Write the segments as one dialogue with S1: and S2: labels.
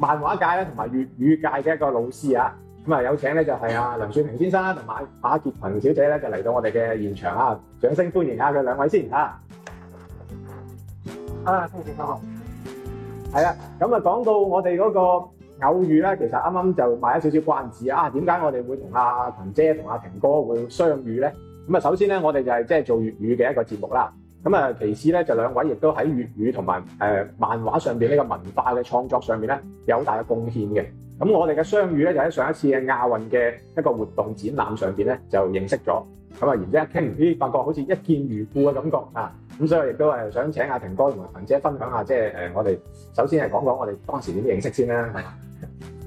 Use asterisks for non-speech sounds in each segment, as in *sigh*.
S1: 漫畫界咧，同埋粵語界嘅一個老師啊，咁啊有請咧就係阿梁樹庭先生同埋馬潔群小姐咧，就嚟到我哋嘅現場啊，掌聲歡迎一下佢兩位先啊！啊，多謝嘉賓。係啊，咁啊講到我哋嗰個偶遇咧，其實啱啱就賣咗少少關子啊，點解我哋會同阿羣姐同阿庭哥會相遇咧？咁啊，首先咧，我哋就係即係做粵語嘅一個節目啦。咁啊，其次咧就兩位亦都喺粵語同埋、呃、漫畫上面呢、這個文化嘅創作上面咧有好大嘅貢獻嘅。咁我哋嘅相遇咧就喺上一次嘅亞運嘅一個活動展覽上，上面咧就認識咗。咁啊，然之後一傾咦，發覺好似一見如故嘅感覺啊。咁所以亦都誒想請阿庭哥同埋陳姐分享下，即係我哋首先係講講我哋當時點認識先啦。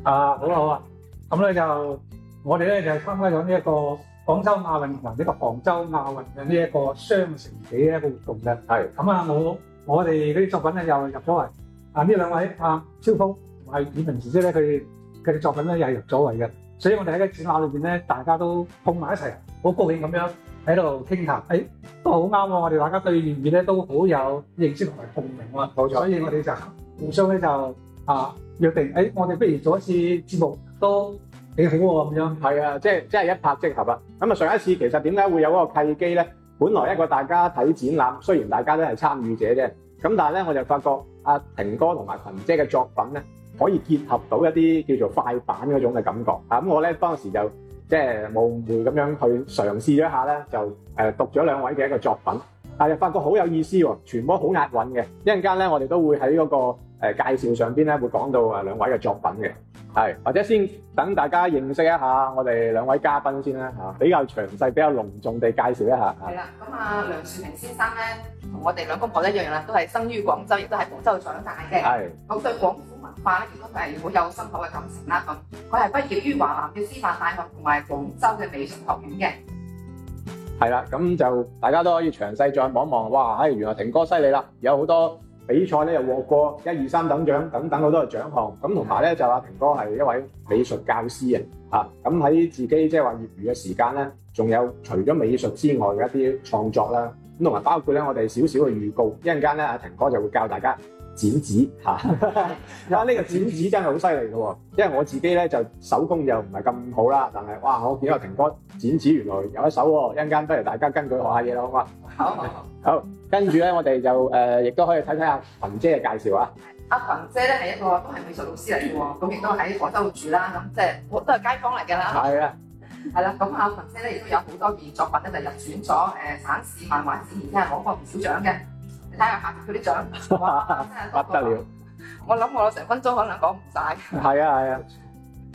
S2: 啊，好喇，好啊。咁咧就我哋咧就係參加咗呢一個。廣州亞運同呢個杭州亞運嘅呢一個雙城嘅一個活動嘅，係咁、嗯、啊！我我哋嗰啲作品咧又入咗圍，啊呢兩位阿超鋒同埋雨文姐姐咧佢佢哋作品咧又入咗圍嘅，所以我哋喺個展覽裏邊咧，大家都碰埋一齊，好高興咁樣喺度傾談，誒、哎、都好啱喎！我哋大家對粵語咧都好有認識同埋共鳴喎、啊，冇錯。所以我哋就互、嗯、相咧就啊約定，誒、哎、我哋不如做一次
S1: 節目都。你咁樣係啊，即係即係一拍即合啊！咁啊，上一次其實點解會有嗰個契機咧？本來一個大家睇展覽，雖然大家都係參與者啫，咁但係咧，我就發覺阿、啊、庭哥同埋群姐嘅作品咧，可以結合到一啲叫做快板嗰種嘅感覺咁、啊、我咧當時就即係無誤咁樣去嘗試咗一下咧，就誒讀咗兩位嘅一個作品，但係發覺好有意思喎、啊，全部好押韻嘅。一陣間咧，我哋都會喺嗰、那個。誒，介紹上邊咧，會講到誒兩位嘅作品嘅，係，或者先等大家認識一下我哋兩位嘉賓先啦嚇，比較詳細、比較隆重地介紹一下。係啦，咁啊梁
S3: 樹庭先生咧，同我哋兩公婆一樣啦，都係生於廣州，亦都喺廣州長大嘅。係，咁對廣府文化咧，亦都係好有深厚嘅感情啦。咁佢係畢業於華南嘅師範大學同埋廣州嘅美術學院
S1: 嘅。係啦，咁就大家都可以詳細再望一望。哇！誒，原來庭哥犀利啦，有好多。比賽咧又獲過一二三等獎等等好多嘅獎項咁同埋咧就阿庭哥係一位美術教師啊，嚇咁喺自己即係話業餘嘅時間咧，仲有除咗美術之外嘅一啲創作啦，咁同埋包括咧我哋少少嘅預告一陣間咧阿庭哥就會教大家。剪紙嚇，啊呢個剪紙真係好犀利嘅喎，因為我自己咧就手工又唔係咁好啦，但係哇，我見阿庭哥剪紙原來有一手喎，一陣間不如大家跟佢學下嘢啦，好唔好啊？好，好，跟住咧我哋就誒亦都可以睇睇阿群姐嘅介紹啊。阿群姐咧係一個都係美術老
S3: 師嚟嘅喎，咁亦都喺廣州度住啦，咁即係都係街坊嚟㗎啦。係啊，係啦，咁阿群姐咧亦都有好多件作品咧就入選咗誒省市漫畫展，而家係攞過唔少獎嘅。
S1: 睇下下邊佢啲獎哇，不得了！
S3: 我諗我成分鐘可
S1: 能講唔晒。係啊係啊，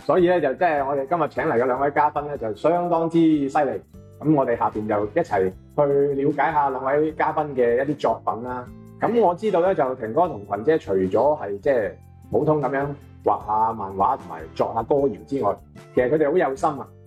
S1: 所以咧就即係我哋今日請嚟嘅兩位嘉賓咧，就相當之犀利。咁我哋下邊就一齊去了解下兩位嘉賓嘅一啲作品啦。咁我知道咧，就庭哥同群姐除咗係即係普通咁樣畫下漫畫同埋作下歌謠之外，其實佢哋好有心啊。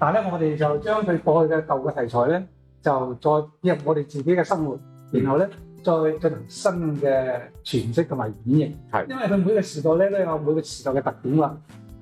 S2: 但咧，我哋就將佢過去嘅舊嘅題材咧，就再進入我哋自己嘅生活，然後咧再，再進行新嘅詮釋同埋演繹。因為佢每個時代咧，都有每個時代嘅特點喎。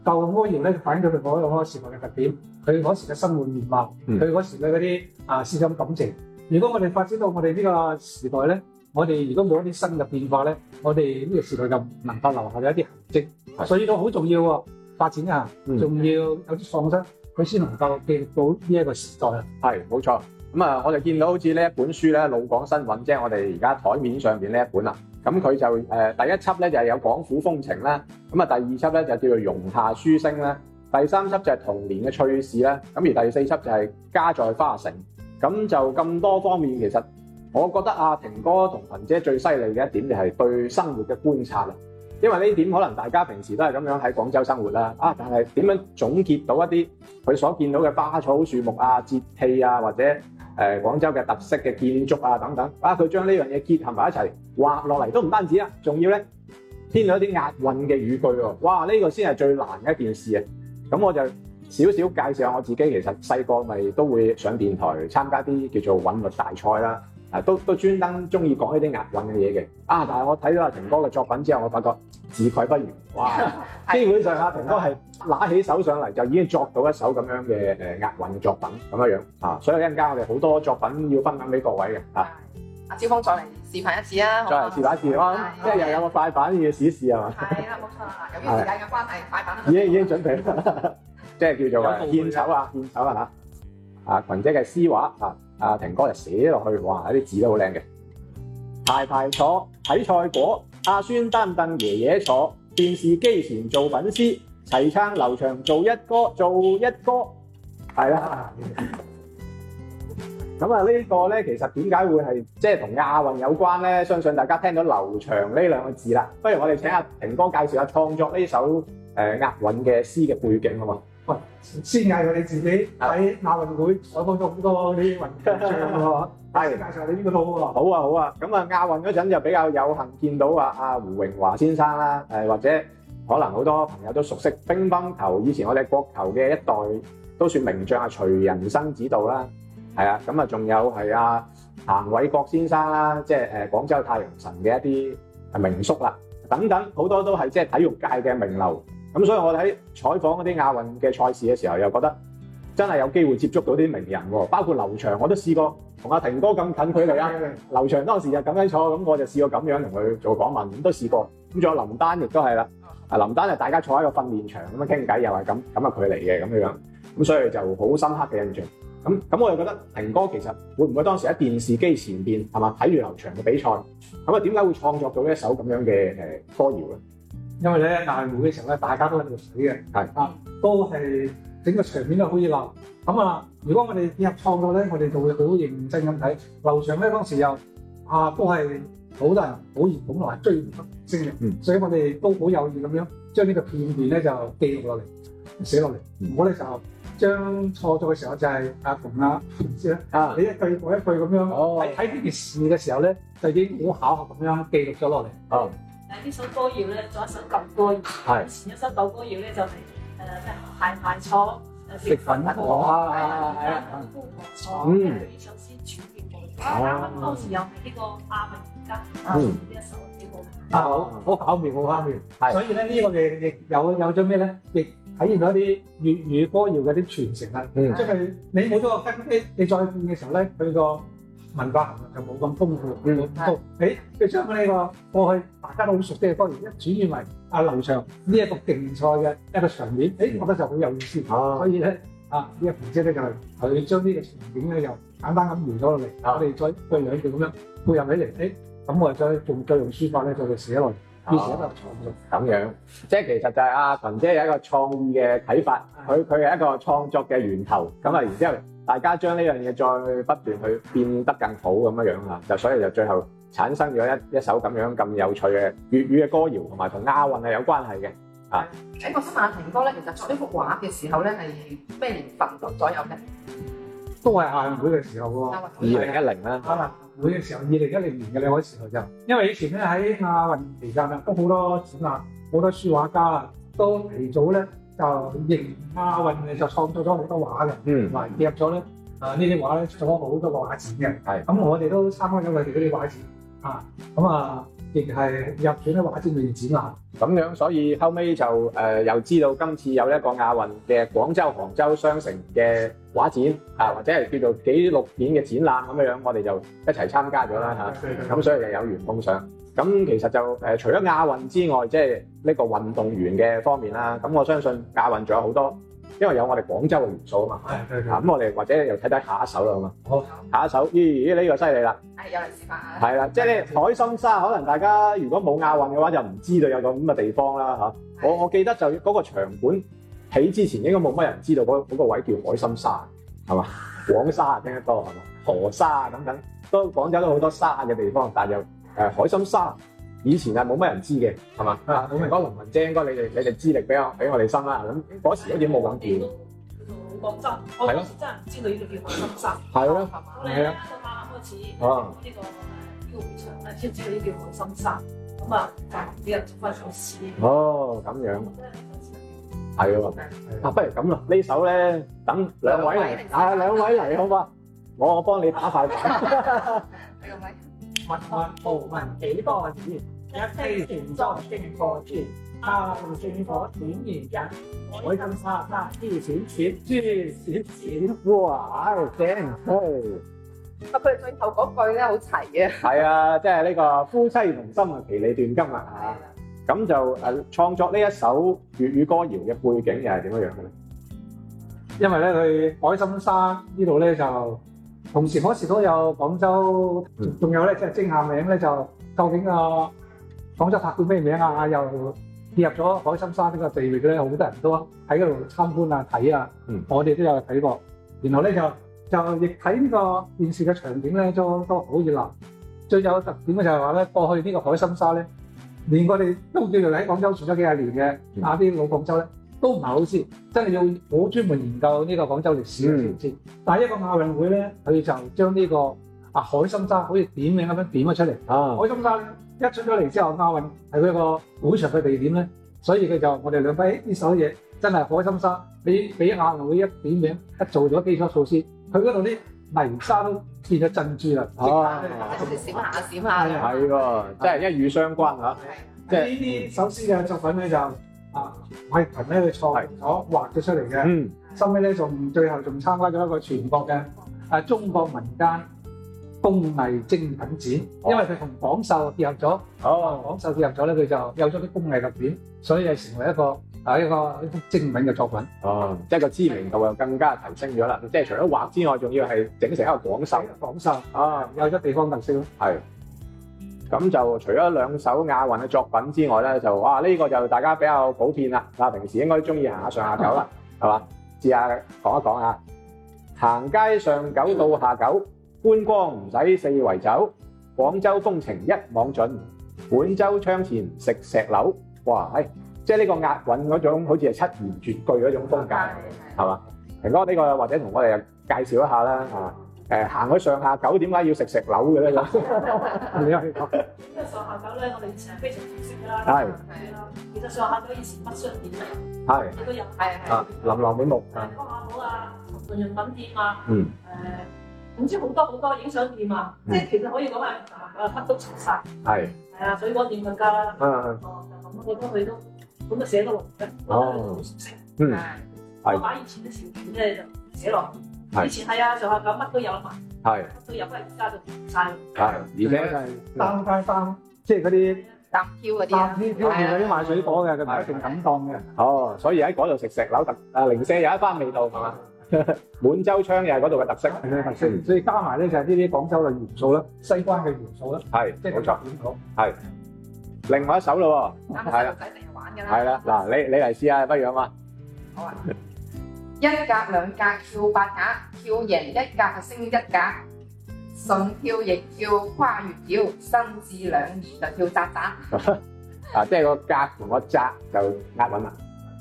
S2: 舊歌謠咧，反映到佢嗰個時代嘅特點，佢嗰時嘅生活面貌，佢、嗯、嗰時嘅嗰啲啊思想感情。如果我哋發展到我哋呢個時代咧，我哋如果冇一啲新嘅變化咧，我哋呢個時代就唔能夠留下咗一啲痕跡。所以都好重要喎，發展啊，仲要有啲創新。嗯嗯佢先能夠記到呢一個時代。
S1: 係，冇錯。咁啊，我就見到好似呢一本書咧，《老廣新韻》，即係我哋而家台面上邊呢一本啊。咁佢就誒第一輯咧就係有廣府風情啦。咁啊，第二輯咧就叫做榕下書聲啦。第三輯就係童年嘅趣事啦。咁而第四輯就係家在花城。咁就咁多方面，其實我覺得阿庭哥同群姐最犀利嘅一點就係對生活嘅觀察啦。因為呢點可能大家平時都係咁樣喺廣州生活啦，啊！但係點樣總結到一啲佢所見到嘅花草樹木啊、節氣啊，或者誒、廣州嘅特色嘅建築啊等等，啊！佢將呢樣嘢結合埋一齊畫落嚟都唔單止啊，仲要咧編咗一啲押韻嘅語句喎，哇！呢個先係最難嘅一件事啊！咁我就少少介紹下我自己，其實細個咪都會上電台參加啲叫做韻律大賽啦。都都專登中意講呢啲押韻嘅嘢嘅，啊！但係我睇到阿庭哥嘅作品之後，我發覺自愧不如，哇！ *laughs* 基本上阿、啊、庭哥係攞起手上嚟就已經作到一首咁樣嘅誒押韻嘅作品咁嘅樣，啊！所以一陣間我哋好多作品要分享俾各位嘅，啊！阿
S3: 超鋒再嚟示範一次啊，再嚟示範一次，哇！即係又有
S1: 個快板要試一試係嘛？係啦，冇錯
S3: 啦，由於時間嘅關係，快板已經
S1: 已經準備了， *laughs* 即係叫做為獻醜啊，獻醜係嘛？啊，羣姐嘅詩畫啊！.阿、啊、庭哥就寫落去，哇！啲字都好靚嘅，排排坐睇賽果，阿孫擔凳，爺爺坐，電視機前做粉絲，齊撐劉翔做一哥，做一哥，係啦。咁 *laughs* 啊，呢個咧其實點解會係即係同亞運有關咧？相信大家聽到劉翔呢兩個字啦，不如我哋請阿庭哥介紹下創作呢首誒押韻嘅詩嘅背景好嘛？先嗌我哋自己喺、啊哎、亞運會採訪咗好多嗰啲運動員係介紹你呢個套。好啊，好啊。咁啊，亞運嗰陣就比較有幸見到啊，阿胡榮華先生啦、啊，誒或者可能好多朋友都熟悉乒乓球，以前我哋國球嘅一代都算名將啊，徐寅生指導啦，係啊。咁、嗯、啊，仲有係阿、啊、彭偉國先生啦、啊，即係誒廣州太陽神嘅一啲名宿啦、啊，等等好多都係即係體育界嘅名流。咁所以，我哋喺採訪嗰啲亞運嘅賽事嘅時候，又覺得真係有機會接觸到啲名人喎，包括劉翔，我都試過同阿霆哥咁近距離啦、嗯嗯嗯。劉翔當時就咁樣坐，咁我就試過咁樣同佢做訪問，咁都試過。咁仲有林丹亦都係啦，阿、嗯、林丹就大家坐喺個訓練場咁樣傾偈，又係咁咁嘅距離嘅咁樣，咁所以就好深刻嘅印象。咁咁我又覺得霆哥其實會唔會當時喺電視機前邊係咪睇住劉翔嘅比賽，咁啊點解會創作到一首咁樣嘅誒歌謠咧？
S2: 因為咧大會嘅時候咧，大家都喺度水嘅，係啊，都係整個場面都可以流。咁啊，如果我哋結合創作咧，我哋就會好認真咁睇。樓上咧當時又啊，都係好多人好熱捧同埋追星嘅，嗯，所以我哋都好有意咁樣將呢個片段咧就記錄落嚟，寫落嚟。我、嗯、咧就將創作嘅時候就係、是、阿鋒啊，唔知啊，你一句我一句咁樣，哦，睇呢件事嘅時候咧，就已經好巧合咁樣記錄咗落嚟，啊、哦。
S4: 呢首歌謠咧，
S5: 仲有一首舊歌謠，係前一首舊歌謠咧就係誒咩？排排錯食粉
S4: 果，係啊係啊，嗯，呢首詩轉變過嚟，加咁當時又係呢個阿明
S2: 而家啊呢一首變化，啊好，我搞變化添，所以咧呢個亦亦有有咗咩咧？亦體現咗啲粵語歌謠嘅啲傳承啊，即係你冇咗個根基，你再見嘅時候咧佢個。文化含量就冇咁豐富，嗯，係。誒、哎，你將呢個過去大家都好熟悉嘅方言一轉變為阿、啊、劉翔呢一個競賽嘅一個場面，誒，哎、我覺得就好有意思。啊、所以咧，啊，呢、這個馮姐咧就係佢將呢個場景咧又簡單咁描咗落嚟，我哋再對兩句咁樣配合起嚟，誒、哎，咁我哋再再用書法咧再嚟寫落，嚟、啊，要一個
S1: 創作。咁、啊、樣，即係其實就係阿馮姐有一個創意嘅睇法，佢佢係一個創作嘅源頭。咁啊，然之後。大家將呢樣嘢再不斷去變得更好咁樣樣啊，就所以就最後產生咗一一首咁樣咁有趣嘅粵語嘅歌謠，同埋同亞運係有關係嘅啊。喺我想問阿庭哥咧，其實作呢幅畫嘅時候咧
S2: 係咩年份咗左右咧？都係亞運會嘅時候喎，二零一零啦。亞運會嘅時候，二零一零年嘅呢個時候就因為以前咧喺亞運期間啊，都好多展覽，好多書畫家啊都提早咧。就、啊、迎亞運就創作咗好多畫嘅，同埋入咗咧誒呢啲畫咧，創咗好多個畫展嘅。係咁，我哋都參加咗佢哋嗰啲畫展啊。咁啊，亦係入咗呢畫展裏面展覽。
S1: 咁樣，所以後尾就誒、呃、又知道今次有一個亞運嘅廣州、杭州雙城嘅畫展啊，或者係叫做紀錄片嘅展覽咁樣樣，我哋就一齊參加咗啦嚇。咁、啊、所以就有緣碰上。咁其實就誒，除咗亞運之外，即係呢個運動員嘅方面啦。咁我相信亞運仲有好多，因為有我哋廣州嘅元素啊嘛。咁、哎、我哋或者又睇睇下一首啦，好嘛？好，下一首。咦、哎，呢、這個犀利啦！係又嚟示範啊！
S5: 係
S1: 啦，即係、就是、海心沙，可能大家如果冇亞運嘅話，就唔知道有個咁嘅地方啦嚇。我我記得就嗰個場館起之前，應該冇乜人知道嗰個位叫海心沙係嘛？黃沙聽得多係嘛？河沙啊等等，都廣州都好多沙嘅地方，但係又～海心沙以前啊冇乜人知嘅，係嘛？我咪講農民姐，應該你哋你哋資歷比較俾我哋生啦。咁嗰時都點冇咁叫，冇
S4: 講真，我當時真
S1: 係唔、啊、知道呢個叫海心沙。係
S4: 咯、啊，係啱、啊、開
S1: 始啊呢、呢個呢、呢個會場先知道呢叫海心沙。咁啊，但係幾咗事。哦，咁樣、啊，係、嗯、啊，啊，啊，不如咁啦，呢首咧等兩位嚟啊，兩位嚟、啊、好嘛？ *laughs* 我我幫你打快板。 *laughs* *laughs* 勿看浮雲幾多字，一飛船裝千個錢，偷轉個錢如人，海
S2: 心沙沙啲閃閃，
S3: 朱閃閃，哇！正嘿，啊！佢哋最後嗰句咧
S1: 好齊啊，係啊，即係呢個夫妻同心啊，其利斷金啊！嚇，咁就誒創作呢一首粵語歌謠嘅背景又係點樣樣嘅咧？
S2: 因為咧，佢海心沙呢度咧就。同時，可時都有廣州，仲、嗯、有咧即係正下名咧，就究竟啊，廣州塔叫咩名啊？又跌入咗海心沙呢個地域咧，好多人都喺嗰度參觀啊、睇啊。嗯、我哋都有睇過，然後咧就就亦睇呢個電視嘅場景咧，都都好熱鬧。最有特點嘅就係話咧，過去呢個海心沙咧，連我哋都叫做喺廣州住咗幾十年嘅啊啲老廣州咧。嗯都唔係好先，真係要我專門研究呢個廣州歷史嘅前史。但係一個亞運會咧，佢就將呢個啊海心沙好似點名咁樣點咗出嚟啊！海心沙一出咗嚟之後，亞運係佢一個會場嘅地點咧，所以佢就我哋兩位呢首嘢真係海心沙俾俾亞運會一點名，一做咗基礎措施，佢嗰度啲泥沙都變咗珍珠啦。哦、啊，即係閃
S1: 下閃下。係係喎，真係一語相關嚇。即係呢啲首詩嘅作品咧就。
S2: 啊！我係憑呢個創作畫咗出嚟嘅，嗯，後尾咧仲最後仲參加咗一個全國嘅誒中國民間工藝精品展，因為佢同廣繡結合咗，哦，廣繡結合咗咧，佢就有咗
S1: 啲工藝特點，所以係成為一個誒一個精品嘅作品，哦，即係個知名度又更加提升咗啦，即係除咗畫之外，仲要係整成一個廣繡，廣繡啊，有咗地方特色，係。咁就除咗兩首亞運嘅作品之外咧，就哇呢、這個就大家比較普遍啦。啊，平時應該中意行下上下九啦，係嘛？ *laughs* 試，試講一講一下講一講啊，行街上九到下九，觀光唔使四圍走，廣州風情一網盡，本州窗前食石樓哇係，即係呢個押韻嗰種好似係七言絕句嗰種風格，係嘛？平哥呢、這個或者同我哋介紹一下啦，啊。誒，行去上下九點吃吃，點解要食石樓嘅咧？上
S4: 下
S1: 九咧，我哋以前
S4: 係非常熟悉噶啦。係。係啦。其實上下九以前乜商店咧？係。好
S1: 多嘢。係係啊。琳琅滿目啊。啊
S4: 好啊，日用品店啊。嗯，唔知好多好多。誒，總之好多好多影相店啊，即係其實可以講係啊，乜都齊晒。係。係啊，水果店更加啦。嗯嗯。哦，咁樣，我覺得都咁就寫到落嚟嘅。哦。嗯。係。我阿以前都少見咧，寫落。以
S2: 前
S4: 係啊，上下
S1: 九乜都有嘛，係，乜都有，不過而家就平曬。係，而且係三
S4: 街
S2: 三，即係嗰啲擔
S1: 挑嗰啲啊，係嗰啲賣水果嘅，佢唔一定敢檔嘅。哦，所以喺嗰度食石樓特啊，零舍有一番味道係嘛，滿洲窗又係嗰度嘅特色，
S2: 嘅特色。所以加埋咧就係呢啲廣州嘅元
S1: 素啦，西關嘅元素啦，係，冇錯。好，係，另外一首咯喎，係啦，唔使你玩㗎啦。係啦，嗱，你你嚟試下，不如啊嘛。好啊。
S3: 一格兩格
S1: 跳八格，跳贏一格就升一格，順跳逆跳跨越跳，伸至兩二就跳扎扎。啊，即係個格同個扎就壓穩啦。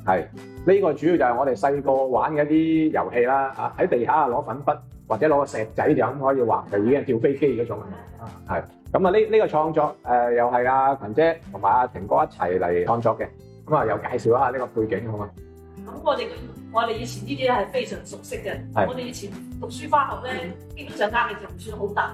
S1: 係呢個主要就係我哋細個玩嘅一啲遊戲啦。啊，喺地下啊攞粉筆或者攞個石仔就咁可以畫，就已經係跳飛機嗰種啊。係咁啊，呢呢個創作誒又係阿群姐同埋阿庭哥一齊嚟創作嘅。咁啊，又介紹一下呢個背景好嘛？咁
S4: 我哋。我哋以前呢啲咧係非常熟悉嘅，我哋以前讀書返學咧，基本上壓力就唔算好大，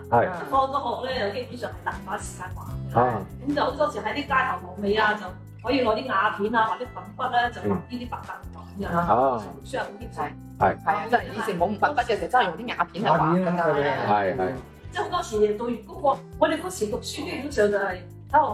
S4: 放咗學咧就基本上係大把時間玩嘅，咁就好多時喺啲街頭巷尾啊、嗯，就可以攞啲瓦片啊或啲粉筆咧、嗯啊啊，就畫呢啲白白格格嘅嚇，即係好多人以前冇粉筆嘅時候真的的，真係用啲瓦片嚟畫，係係，即係好多時讀完高國，我哋嗰時讀書基本上就係喺學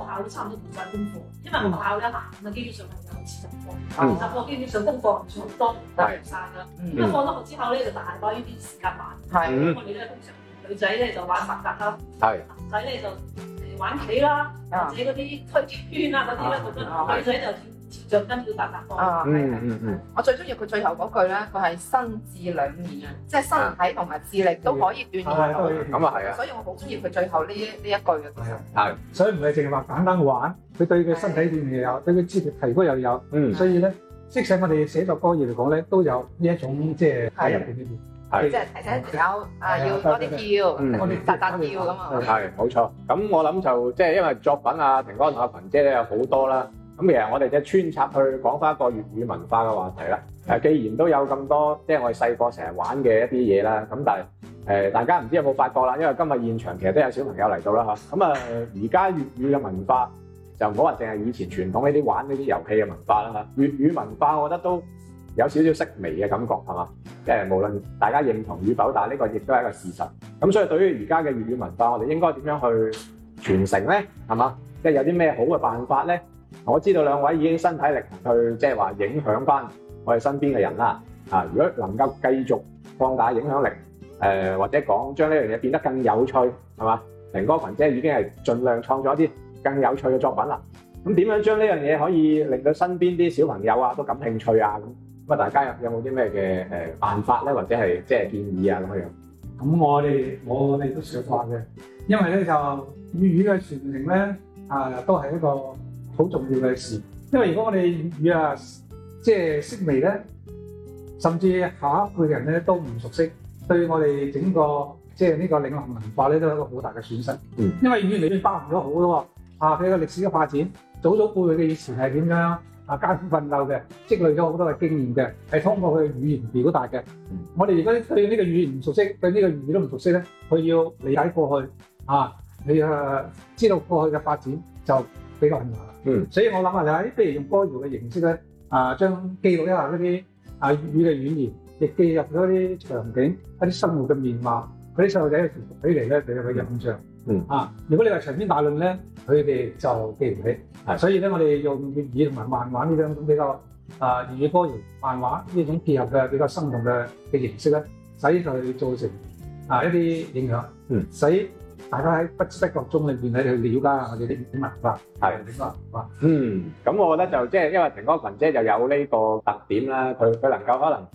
S4: 校差唔多唔日功課，因為學校一下咁就基本上係。四十個，四十個呢啲功課唔算多，得完晒啦。咁放咗學之後咧，就大概呢啲時間玩。係，我哋咧通常女仔咧就玩白滑啦，係男仔咧就玩棋啦、啊，或者嗰啲推圈啊嗰啲啦覺得女仔就。再跟住打打波，係。嗯，嗯，我最
S3: 中意佢最後嗰句咧，佢係身智兩面啊，即係、嗯就是、身體同埋智力都可以鍛鍊到、嗯。咁啊，係啊！所以我
S2: 好中意佢最後呢一呢一句啊。係，所以唔係淨係話簡單玩，佢對佢身體鍛鍊又有，對佢智力提高又有。嗯。所以咧，即使我哋寫作歌謠嚟講咧，都有呢、就是、一種即
S1: 係喺入邊。係。即係提醒有啊，要多啲
S3: 跳，我
S1: 哋打打跳啊嘛。係、嗯，冇錯。咁我諗就即係因為作品啊，平安同阿羣姐咧有好多啦。咁其實我哋就穿插去講翻一個粵語文化嘅話題啦。既然都有咁多即係我哋細個成日玩嘅一啲嘢啦，咁但係、呃、大家唔知有冇發覺啦？因為今日現場其實都有小朋友嚟到啦，咁啊！而家粵語嘅文化就唔好話淨係以前傳統呢啲玩呢啲遊戲嘅文化啦。粵語文化，我覺得都有少少式微嘅感覺，係嘛？即係無論大家認同與否，但係呢個亦都係一個事實。咁所以對於而家嘅粵語文化，我哋應該點樣去傳承咧？係嘛？即係有啲咩好嘅辦法咧？我知道兩位已經身體力行去，即係話影響翻我哋身邊嘅人啦。啊，如果能夠繼續放大影響力，誒、呃、或者講將呢樣嘢變得更有趣，係嘛？明哥、群姐已經係盡量創一啲更有趣嘅作品啦。咁點樣將呢樣嘢可以令到身邊啲小朋友啊都感興趣啊？咁咁啊，大家有有冇啲咩嘅誒辦法咧，或者係即係建議啊咁樣？咁我哋我哋都少話
S2: 嘅，因為咧就粵語嘅傳承咧啊，都係一個。好重要嘅事，因為如果我哋粵語啊，即係識微咧，甚至下一輩人咧都唔熟悉，對我哋整個即係呢個嶺南文化咧，都係一個好大嘅損失。嗯，因為語言裏面包含咗好多啊，佢個歷史嘅發展，早早過去嘅以前係點樣啊，艱苦奮鬥嘅，積累咗好多嘅經驗嘅，係通過佢嘅語言表達嘅。嗯，我哋如果對呢個語言唔熟悉，對呢個粵語都唔熟悉咧，佢要理解過去啊，你啊知道過去嘅發展就比較難。嗯，所以我諗下，就係譬如用歌謠嘅形式咧，啊，將記錄一下嗰啲啊粵語嘅語言，亦記入咗啲場景，一啲生活嘅面貌，嗰啲細路仔嘅記起嚟咧，就有個印象。嗯，啊，如果你話長篇大論咧，佢哋就記唔起。啊，所以咧，我哋用粵語同埋漫畫呢兩種比較啊，粵語歌謠、漫畫呢一種結合嘅比較生動嘅嘅形式咧，使佢造成啊一啲影響。嗯，所大家喺不知不覺中裏邊喺度瞭解下我哋啲文化，係點
S1: 啊？嗯，咁我覺得就即係因為庭哥群姐就有呢個特點啦，佢佢能夠可能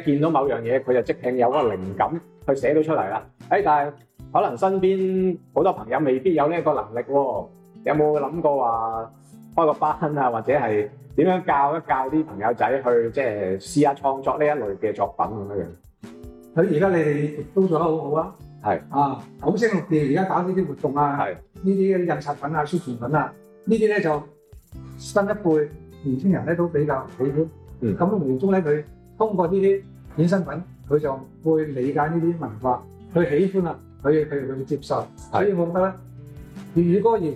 S1: 一見到某樣嘢，佢就即興有嗰個靈感去寫到出嚟啦。誒，但係可能身邊好多朋友未必有呢個能力喎，有冇諗過話開個班啊，或者係點樣教一教啲朋友仔去即係試下創作呢一類嘅作品咁樣樣？
S2: 佢而家你哋都做得好好啊！係啊，九聲六調而家搞呢啲活動啊，呢啲印刷品啊、宣傳品啊，這些呢啲咧就新一輩年輕人咧都比較喜歡。嗯，咁當中咧佢通過呢啲衍生品，佢就會理解呢啲文化，佢喜歡啦，佢佢佢會接受。所以我覺得粵語歌謠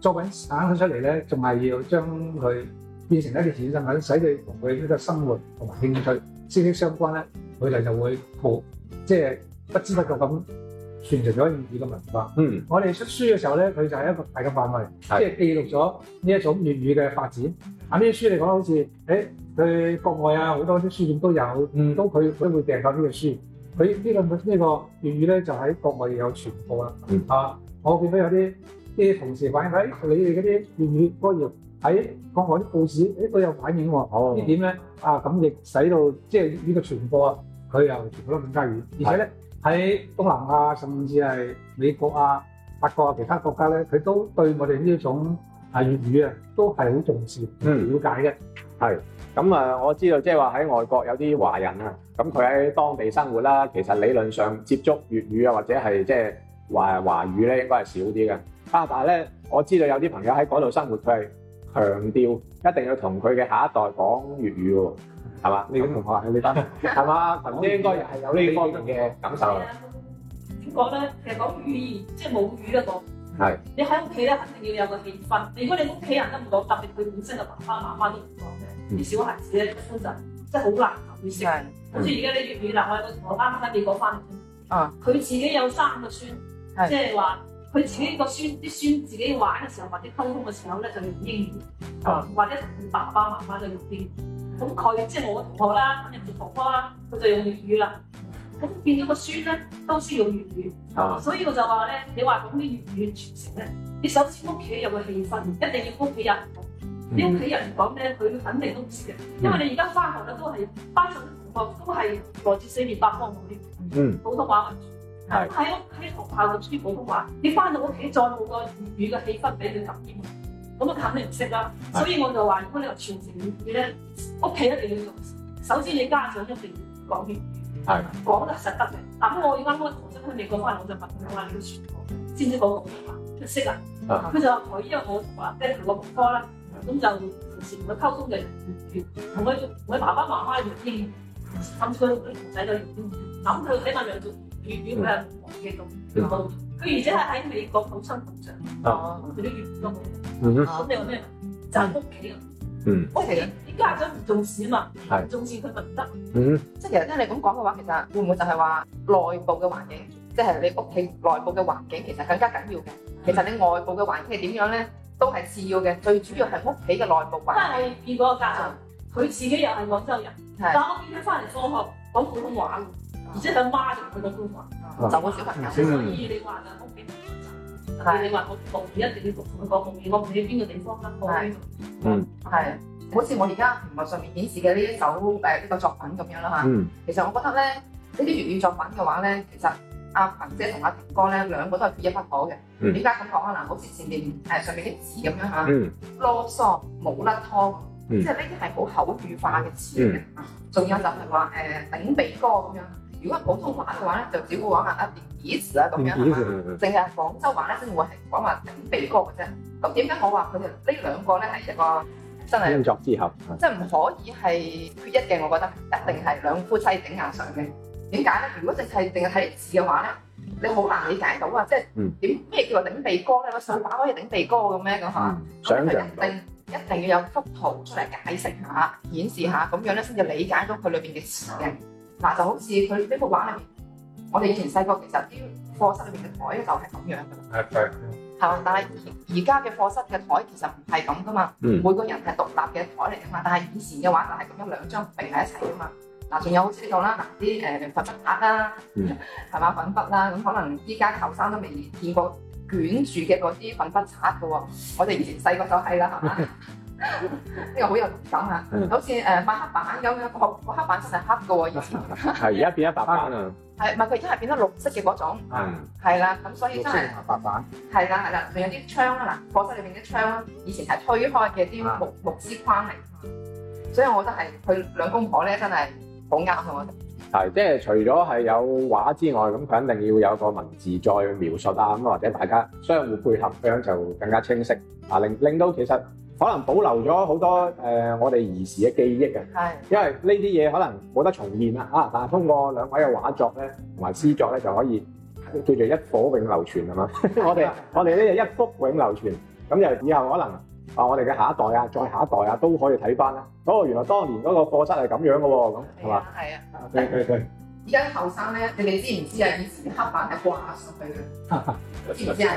S2: 作品產生出嚟咧，仲係要將佢變成一啲衍生品，使佢同佢呢個生活同埋興趣息息相關咧，佢哋就會抱即係。就是不知不覺咁傳承咗粵語嘅文化。嗯，我哋出書嘅時候咧，佢就係一個大嘅範圍，即係記錄咗呢一種粵語嘅發展。啊，呢啲書嚟講好似，誒、欸，佢國外啊，好多啲書店都有，嗯、都佢佢會訂購呢個書。佢呢、這個呢、這個粵語咧，就喺國外有傳播啦、嗯。啊，我見到有啲啲同事反映，誒，你哋嗰啲粵語歌業喺國外啲報紙，誒、欸、都有反映喎、啊。哦、呢點咧，啊，咁亦使到即係呢個傳播，佢又傳播得更加遠，而且咧。喺東南亞甚至係美國啊、法國啊、其他國家咧，佢都對我哋呢種啊粵語啊都係好重
S1: 視、嗯了解嘅。係咁啊，我知道即係話喺外國有啲華人啊，咁佢喺當地生活啦，其實理論上接觸粵語啊或者係即係華華語咧，應該係少啲嘅。啊，但係咧，我知道有啲朋友喺嗰度生活，佢係強調一定要同佢嘅下一代講粵語喎。係嘛？你啲同學係，係、嗯、嘛？群姐 *laughs* 應該又係有呢方面嘅感受。點
S4: 講咧？其實講語言，即係母語嘅講。係。你喺屋企咧，肯定要有個氣氛。如果你屋企人都唔講，特別佢本身嘅爸爸媽媽都唔講嘅，啲小孩子咧，一般就即係好難學會識。好似而家啲粵語啦，我有個同學啱啱喺美國返嚟。啊。佢自己有三個孫，即係話。佢自己個孫，啲孫自己玩嘅時候或者溝通嘅時候咧，就用英語；oh. 或者同爸爸媽媽就用英語。咁佢即係我同學啦，你唔同科啦，佢就用粵語啦。咁變咗個孫咧，都需要粵語。Oh. 所以我就話咧，你話講啲粵語傳承咧，你首先屋企有個氣氛，mm. 一定要屋企人。Mm. 你屋企人講咧，佢肯定都唔知嘅，因為你而家翻學咧都係，班上啲同學都係來自四面八方嗰啲，嗯，普通話。喺喺喺學校讀啲普通話，你翻到屋企再冇個粵語嘅氣氛俾佢感染，咁啊肯定唔識啦。所以我就話：如果你話傳承粵語咧，屋企一定要用。首先你家長一定要講粵語，講得實得嘅。嗱，咁我啱啱重新嚟過翻，我就問佢話：你識唔識講普通話？佢識啊。佢就話：佢因為我即係我文科啦，咁就成日同佢溝通嘅同佢同佢我爸爸媽媽粵語，咁佢我啲仔女粵語，咁佢喺上面就。粵語佢係唔同嘅咁，佢而且係喺美國好生長，佢啲粵語。咁你話咩？就屋企啊，即係其實啲家
S3: 長唔重視啊嘛，重視佢咪唔得。嗯、即係其實聽你咁講嘅話，其實會唔會就係話內部嘅環境，即係你屋企內部嘅環境其實更加緊要嘅、嗯。其實你外部嘅環境係點樣咧，都係次要嘅，最主要係屋企嘅內
S4: 部環境。因為我見嗰個家長，佢自己又係廣州人，但我見佢翻嚟放學講普通話。而且佢媽仲同佢講中文，
S3: 就個小朋友。所以你話就屋企唔同，特別、嗯、你話好似讀字一定要讀佢講讀字，我唔知邊個地方啦。嗯，係。好似我而家屏幕上面顯示嘅呢一首誒呢、呢個作品咁樣啦嚇、嗯。其實我覺得咧呢啲粵語,語作品嘅話咧，其實阿群姐同阿庭哥咧兩個都係缺一不可嘅。點解咁講啊？嗱，好似前面誒上面啲字咁樣嚇，囉嗦冇甩湯，即係呢啲係好口語化嘅詞嚟嘅。仲、嗯、有就係話誒頂鼻哥咁樣。如果普通話嘅話咧，就只會講下一點幾字啊咁樣係嘛？淨、yes。係廣州話咧先會係講話頂鼻哥嘅啫。咁點解我話佢哋呢兩個咧係一個
S1: 真係，天作之合。即
S3: 係唔可以係缺一嘅，我覺得一定係兩夫妻頂硬上嘅。點解咧？如果淨係淨係睇字嘅話咧，你好難理解到啊！即係點咩叫頂鼻哥咧？乜手板可以頂鼻哥咁咩咁嚇？嗯、想象定一定要有幅圖出嚟解釋下、顯示下，咁樣咧先至理解到佢裏邊嘅詞嘅。嗱，就好似佢呢幅畫裏面，我哋以前細個其實啲課室裏面嘅台咧就係咁樣噶啦，係、嗯、啊，係但係而而家嘅課室嘅台其實唔係咁噶嘛、嗯，每個人係獨立嘅台嚟噶嘛。但係以前嘅話就係咁樣兩張並喺一齊噶嘛。嗱，仲有好似呢度啦，嗱啲誒粉筆擦啦，係、呃、嘛粉筆啦，咁、嗯嗯、可能依家後生都未見過捲住嘅嗰啲粉筆刷噶喎。我哋以前細個就係啦嚇。 *laughs* 呢 *laughs* 個好有同感啊！好似誒，抹、呃、黑板咁樣，個個黑板真係黑噶喎。以前係，而家變咗白板啊，係唔係佢而家係變咗綠色嘅嗰種？係係啦，咁所以真係白板，係啦係啦，仲有啲窗啊嗱，課室裏邊啲窗以前係推開嘅啲木木枝框嚟，所以我覺得係佢兩公婆咧真係好啱啊！我
S1: 哋係即係除咗係有畫之外，咁佢肯定要有個文字再描述啊，咁或者大家相互配合，咁樣就更加清晰啊，令令到其實。可能保留咗好多誒、呃，我哋兒時嘅記憶嘅，因為呢啲嘢可能冇得重現啦啊！但係通過兩位嘅畫作咧同埋詩作咧，就可以叫做一火永流傳係嘛？我哋我哋咧就一幅永流傳，咁就以後可能啊，我哋嘅下一代啊，再下一代啊都可以睇翻啦。哦，原來當年嗰個課室係咁樣嘅喎，咁係嘛？係啊，係係。依家後生咧，你哋知唔
S3: 知啊？以前黑板係掛上去嘅，記唔記得？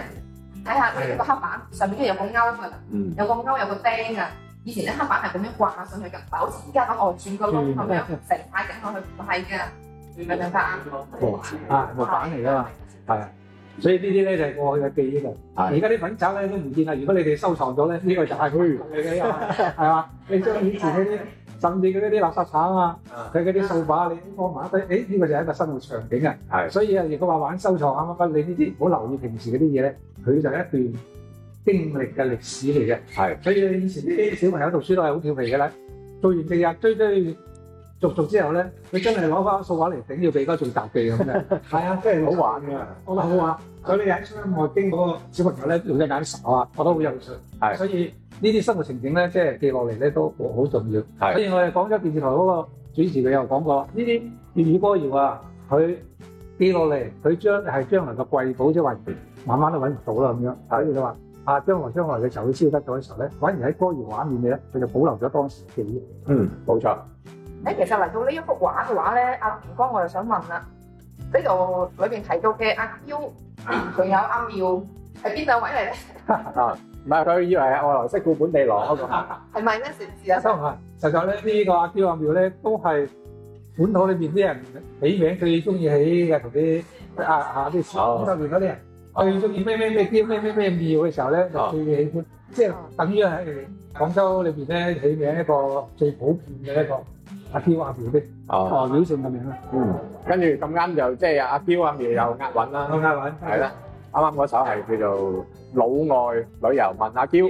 S3: 睇下呢個黑板上
S2: 面咧，有一個鈎噶、嗯，有個鈎有個釘噶。以前啲黑板係咁樣掛上去噶，但係好似而家咁哦轉個碌咁樣成塊整落去，唔係你明唔明白啊，木、啊、板嚟噶嘛，係啊，所以呢啲咧就係過去嘅記憶啊。而家啲粉刷咧都唔見啦。如果你哋收藏咗咧，呢、這個就係虛嘅，係 *laughs* 嘛對吧？ *laughs* 你將以甚至嗰啲垃圾鏟啊，佢嗰啲掃把你放埋低，誒呢個就係一個生活場景啊。係，所以啊，如果話玩收藏啊乜乜，你呢啲唔好留意平時嗰啲嘢咧，佢就係一段經歷嘅歷史嚟嘅。係，所以以前啲小朋友讀書都係好調皮嘅啦。做完成日追追逐逐之後咧，佢真係攞翻掃把嚟頂住鼻哥做雜技咁嘅。係啊， *laughs* 樣的 *laughs* 真係好玩㗎，好啦，好啊。佢哋喺窗外經嗰個小朋友咧用隻眼耍啊，我覺得好有趣。係，所以呢啲生活情景咧，即係記落嚟咧都好重要。係，所以我哋廣州電視台嗰個主持佢又講過，呢啲粵語歌謠啊，佢記落嚟，佢將係將來嘅瑰寶，即係話慢慢都揾唔到啦咁樣。係，所以就話啊，將來將來嘅時候消失咗嘅時候咧，反而喺歌謠畫面嘅咧，佢就保留咗當時嘅記憶。嗯，冇錯。誒，其實嚟到呢一幅畫嘅話
S3: 咧，阿庭哥，我又想問啦。呢度裏邊
S1: 提到嘅阿嬌仲有阿廟係邊兩位嚟咧？唔係佢以為係外
S3: 來媳
S2: 婦本地郎嗰個。係咪咧？雪志啊？就係，就係咧呢個阿嬌阿廟咧，都係本土裏邊啲人起名最中意起嘅，同啲啊嚇啲廣州裏邊嗰啲人最中意咩咩咩嬌咩咩咩廟嘅時候咧，就最喜歡，即係等於係廣州裏邊咧起名一個最普遍嘅一個。阿彪阿苗啲哦，阿苗順咁樣啦，嗯，
S1: 跟住咁啱就即係阿彪阿苗又押韻啦，咁押韻係啦，啱啱嗰首係叫做老外旅遊問阿彪，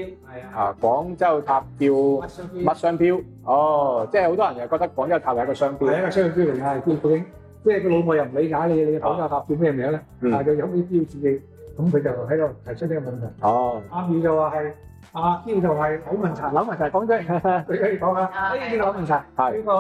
S1: 啊廣州塔叫乜商標？哦，即係好多人又覺得廣州塔係一個商標，係啊，商業
S2: 標誌啊，畢竟即係個老外又唔理解你，你嘅廣州塔叫咩名咧？嗯，啊，又有咩標誌咁佢就喺度提出呢個問題。哦，啱啱就話係。啊！腰就係好文才，好文才。講真，你可以講啦，所以呢個好文才，呢個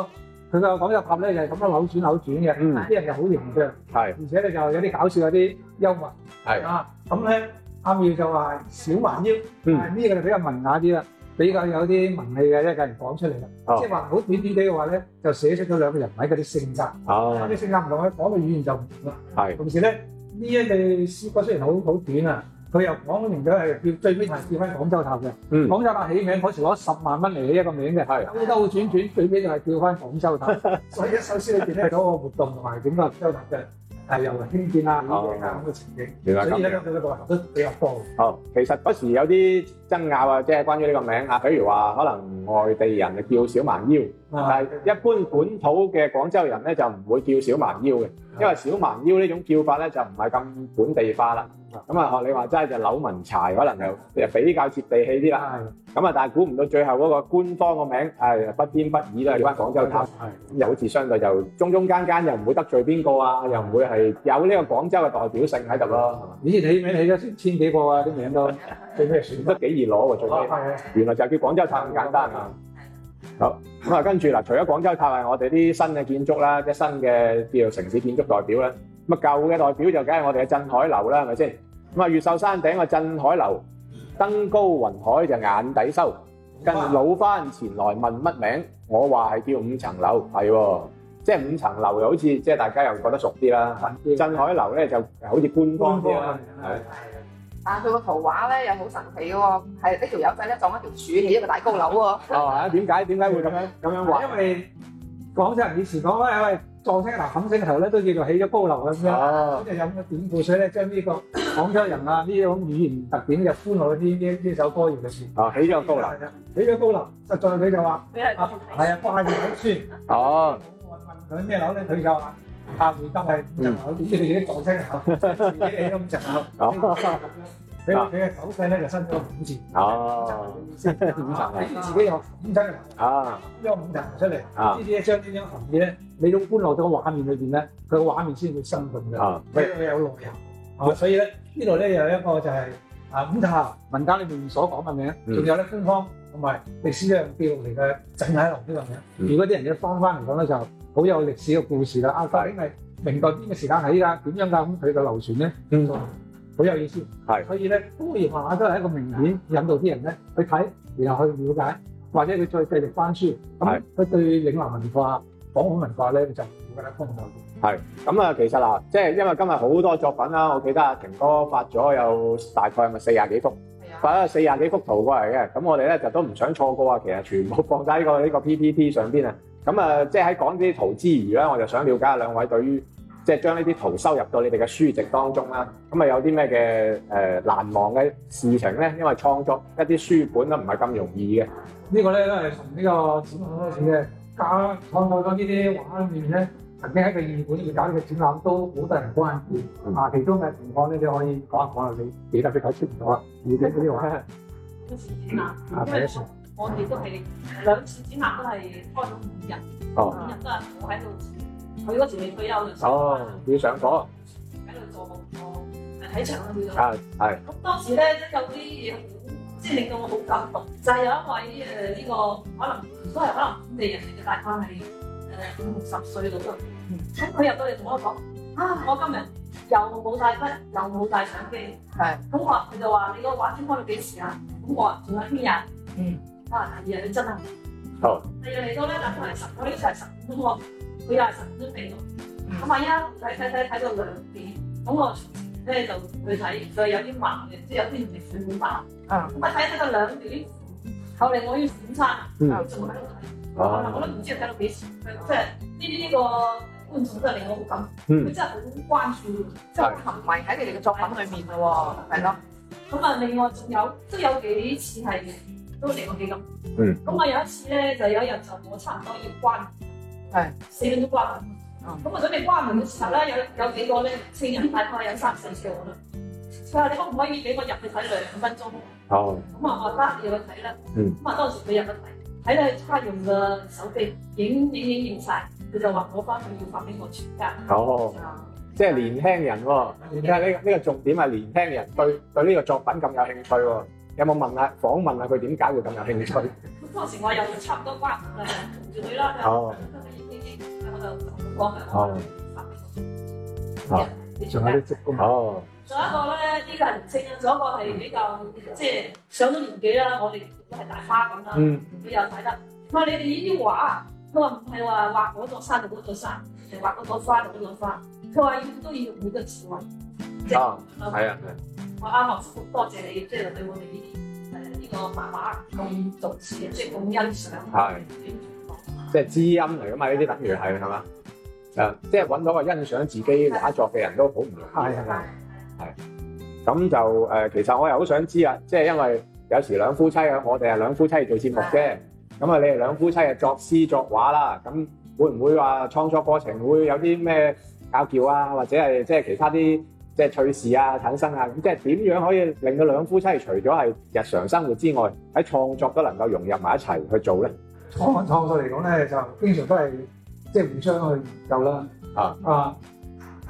S2: 佢個講日頭咧就係咁樣扭轉扭轉嘅。嗯，啲人就好形象。係，而且咧就有啲搞笑，有啲幽默。係啊，咁咧，阿妙就話小蠻腰。嗯，呢、嗯、個就比較文雅啲啦、嗯，比較有啲文氣嘅一個人講出嚟啦。即、哦、係、就是、話好短短啲嘅話咧，就寫出咗兩個人物嗰啲性格。哦，嗰啲性格唔同咧，講嘅語言就唔同啦。係，同時咧，呢一句詩歌雖然好好短啊。佢又講明咗係叫最尾叫翻廣州塔、嗯、廣州塔起名嗰時攞十萬蚊嚟起一個名嘅，兜兜轉轉、哦、最尾就係叫翻廣州塔。 *laughs* 所以一首詩裏面咧嗰個活動同埋點啊，州塔嘅係由興建啊，好嘅，咁嘅情景，所以咧佢
S1: 嘅代都比較多、哦。其實嗰時有啲爭拗啊，即、就、係、是、關於呢個名啊，比如話可能外地人叫小蠻腰。但係一般本土嘅廣州人咧，就唔會叫小蠻腰嘅，因為小蠻腰呢種叫法咧就唔係咁本地化啦。咁啊，學你話齋就柳文柴，可能就比較接地氣啲啦。咁啊，但係估唔到最後嗰個官方個名，係、哎、不偏不倚啦。係翻廣州塔，又好似相對就中中間間又唔會得罪邊個啊，又唔會係有呢個廣州嘅代表性喺度咯。你前起名起咗先千幾個啊啲名都，算得幾易攞喎，最尾、哦、原來就叫廣州塔咁簡單啊！好咁啊！跟住嗱，除咗廣州塔係我哋啲新嘅建築啦，即係新嘅叫做城市建築代表啦。咁啊，舊嘅代表就梗係我哋嘅鎮海樓啦，係咪先？咁啊，越秀山頂嘅鎮海樓，登高雲海就眼底收，跟老番前來問乜名？我話係叫五層樓，係喎。即係五層樓又好似即係大家又覺得熟啲啦。鎮海樓咧就好似觀光啲啦。
S3: 但佢個圖
S2: 畫咧又好神奇喎，係呢條友仔咧撞一條柱起，起一個大高樓喎。 *laughs* 哦，點解點解會咁樣咁樣畫？因為廣州人以前講因為撞星頭冚星頭咧都叫做起咗高樓咁樣，咁就有咁嘅典故，所以咧將呢、這個廣州人啊呢種語言特點入番落去呢呢呢首歌入邊、哦、起咗高樓，係啊係啊起咗高樓，實在佢就話，係啊，掛住本書。哦。咁、啊、我、嗯、問佢咩樓咧？佢話。阿李德係五層樓，你哋啲左青口，你哋都五層樓，三 *laughs* 口、啊，俾佢嘅手勢咧就伸咗個五字，哦，五字五層樓，你自己又五層樓，啊，呢個五層樓出嚟，啊，啊啊啊五啊五啊呢啲一張一張痕嘅，你都搬落咗個畫面裏邊咧，佢個畫面先會生動嘅，啊，佢有內容，啊，所以咧呢度咧有一個就係、是、啊五層樓，民間裏面所講嘅名，仲、嗯、有咧官方同埋歷史上記錄嚟嘅鎮海樓呢個名字、嗯，如果啲人要翻翻嚟講咧就。好有歷史嘅故事啦！阿叔，因為明代邊個時間喺依家點樣㗎？咁佢嘅流傳咧，嗯，好有意思。係，所以咧，咁我而家都係一個名片，引導啲人咧去睇，然後去了解，或者佢再繼續翻書。咁佢對嶺南文化、廣府文化咧，就冇噶
S1: 啦。係咁啊，其實啊，即係因為今日好多作品啦，我記得阿庭哥發咗有大概咪四廿幾幅，發咗四廿幾幅圖過嚟嘅。咁我哋咧就都唔想錯過啊，其實全部放晒呢個呢個 PPT 上邊啊。咁啊，即係喺講呢啲圖之餘咧，我就想了解下兩位對於即係將呢啲圖收入到你哋嘅書籍當中啦。咁啊，有啲咩嘅誒難忘嘅事情咧？因為創作一啲書本都唔係咁容易嘅。呢個、呢、呢個咧都係從呢個展
S2: 覽開始嘅。加講到講呢啲畫面咧，曾經喺個二館而搞嘅展覽都好多人關注。嗱，其中嘅情況咧，你可以講一講下你，你你特別睇出唔到啊？二館嗰啲畫。
S4: 啊、嗯，係、嗯。嗯嗯。我哋都係兩次展覽都係開咗五日，五日都係我喺度。佢嗰時未
S2: 退休嘅上翻，要上座喺度做，誒睇場
S4: 啊叫做。啊，係。咁、啊、當時咧都有啲嘢好，即、就、係、是、令到我好感動。就係、是、有一位誒呢、呃這個，可能都係可能本地人嚟嘅大咖，係誒五十歲度咁佢入到嚟同我講、啊：，啊，我今日又冇帶筆，又冇帶相機。係、嗯。咁我話：佢就話你個畫展開到幾時啊？咁我話：仲有聽日。嗯。哇！人真啊，係人嚟到咧，但、oh. 係、就是、十，我呢次係十五喎，佢又係十五張票，咁咪、mm -hmm. 一睇睇睇睇到兩點，咁我咧就去睇，佢有啲慢嘅，即係有啲唔係算滿版，咁啊睇睇到兩點，後嚟我要選餐，嗯、mm -hmm.，仲喺度睇，我都唔知佢睇到幾時，即係呢啲呢個觀眾真係令我好感，佢、mm -hmm. 真係好關注，mm -hmm. 即係好沉迷喺你哋嘅作品裏面咯喎，係咯，咁啊另外仲有都有幾次係。都嚟過幾個，嗯，咁我有一次咧，就有一日就我差唔多要關，係四點都關咁、嗯、我準備關門嘅時候咧、嗯，有有幾個咧，情人大概有三四個啦，佢話你可唔可以俾我入去睇五分鐘？哦，咁啊，我話得，入去睇啦，嗯，咁啊，當時佢入去睇，睇到佢用嘅
S1: 手機影影影完晒，佢就話我翻去要發俾我全家，哦，即係年輕人喎、哦，而且呢呢個重點係年輕人對對呢個作品咁有興趣喎、哦。有冇問下訪問下佢點解會咁有興趣？當
S4: 時我又差唔
S2: 多關唔住嘴啦。哦。哦、嗯嗯嗯嗯嗯嗯嗯嗯嗯。
S4: 哦。你仲有啲足工。哦。仲有一個咧，依、這個年青；，仲有一個係比較，即、就、係、是、上咗年紀啦，我哋都係大花咁啦。嗯。佢又睇得，佢話你哋依啲畫，佢話唔係話畫嗰座山就嗰座山，定畫嗰朵花就嗰朵花，佢話要對住嚟睇。嗯就
S5: 是嗯嗯、啊？啊、嗯！係
S4: 我 *music*
S1: 多謝你，即、就、
S4: 係、
S1: 是、對我哋呢啲誒呢個畫畫咁熟識，即係咁欣賞，係，即係知音嚟㗎嘛！呢啲等於係係嘛？誒，即係揾到個欣賞自己畫作嘅人 *music* 都好唔容易，係係係。咁 *music* 就誒、呃，其實我又好想知啊，即、就、係、是、因為有時兩夫妻啊，我哋係兩夫妻做節目啫。咁啊， *music* 那你哋兩夫妻啊作詩作畫啦，咁會唔會話創作過程會有啲咩拗撬啊，或者係即係其他啲？即係趣事啊、產生啊，咁即係點樣可以令到兩夫妻除咗係日常生活之外，喺創作都能夠融入埋一齊去做咧？
S2: 創、哦、創作嚟講咧，就經常都係即係互相去研究啦。啊，啊啊，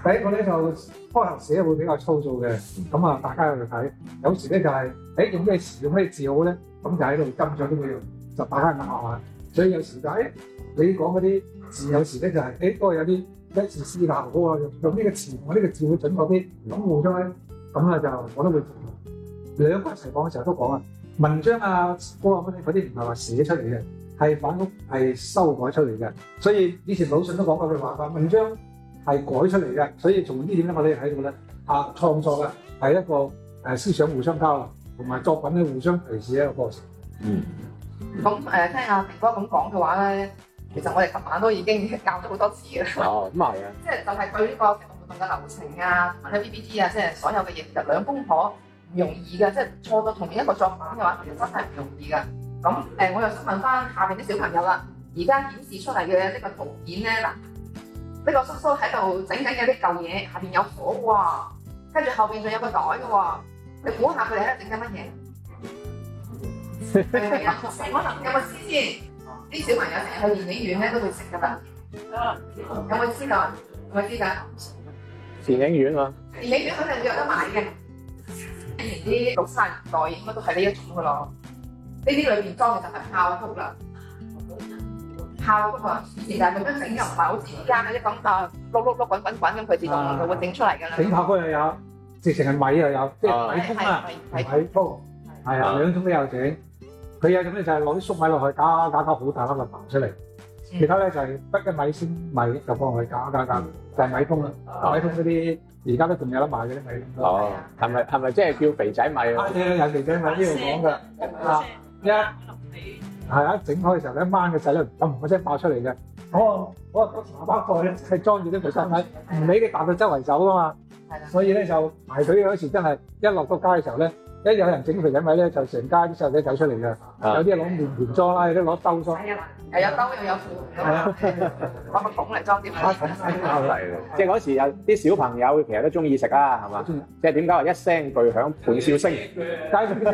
S2: 第一個咧就開頭寫會比較粗糙嘅，咁啊大家去睇。有時咧就係、是，誒、欸、用咩詞用咩字好咧？咁就喺度跟咗啲嘢，就大家鬧下。所以有時就誒、是欸，你講嗰啲字，有時咧就係、是，誒不過有啲。一次思考啊，用呢個詞、啊，我、這、呢個字會、啊這個啊、準確啲。咁冇錯咧，咁啊就我都會讀。兩個一齊講嘅時候都講啊，文章啊嗰啊嗰啲嗰啲唔係話寫出嚟嘅，係反覆，係修改出嚟嘅。所以以前魯迅都講過句話話，文章係改出嚟嘅。所以從呢點咧，我哋睇到咧啊，創作啊係一個誒思想互相交流，同埋作品咧互相提示一個過程。嗯。咁
S3: 誒、呃，聽阿平哥咁講嘅話咧。其實我哋今晚都已經教咗好多次啦。哦，咁係啊。即係就係佢呢個活動嘅流程啊，問佢 PPT 啊，即係所有嘅嘢，其實兩公婆唔容易㗎，即係錯到同一個作品嘅話，其實真係唔容易㗎。咁，呃，我又想問翻下面啲小朋友啦。而家顯示出嚟嘅呢個圖片呢，嗱，呢個叔叔喺度整緊嘅啲舊嘢，下面有火喎，跟住後面仲有個袋嘅喎，你估下佢哋喺度整緊乜嘢？係 *laughs* 啊，可能有個獅子。
S1: 啲小朋友成
S3: 日去電影院咧，都會食噶啦？有冇知道？我知道。電影院啊。電影院肯定有得賣嘅。啲六十年代應該都係呢一種噶咯。呢啲裏邊裝嘅就
S2: 係爆谷啦。爆谷啊，其實佢都整又唔係好時間嘅，即係講啊碌碌碌，滾滾滾咁佢自動就會整出嚟㗎啦。整爆谷又有，直情係米又有，即係米糕啊，米糕，係啊，兩種都有整。佢啊，咁咧就係攞啲粟米落去，搞搞搞好大粒粒爆出嚟。其他咧就係得嘅米先米，就放落去搞搞搞，就係米通啦。米通嗰啲，而家都仲有得賣嗰啲米糠。哦，係咪係咪即係叫
S1: 肥仔米啊？啱嘅，有肥仔米呢度講噶。
S2: 嗱，咩啊？係啊，整開嘅時候咧，一掹嘅時候咧，嘣！嗰聲爆出嚟嘅。我我嗰時買包袋咧，係裝住啲肥仔米，唔俾你彈到周圍走噶嘛。所以咧就排隊嗰時真係一落到街嘅時候咧。一有人整肥仔米咧，就成間細路仔走出嚟㗎，有啲攞面盆裝啦，有啲攞兜
S1: 裝，又
S3: 有兜又有盆，攞木桶嚟裝點。
S1: 即係嗰時有啲小朋友其實都中意食啦，係嘛？即係點解話一聲巨響伴笑聲？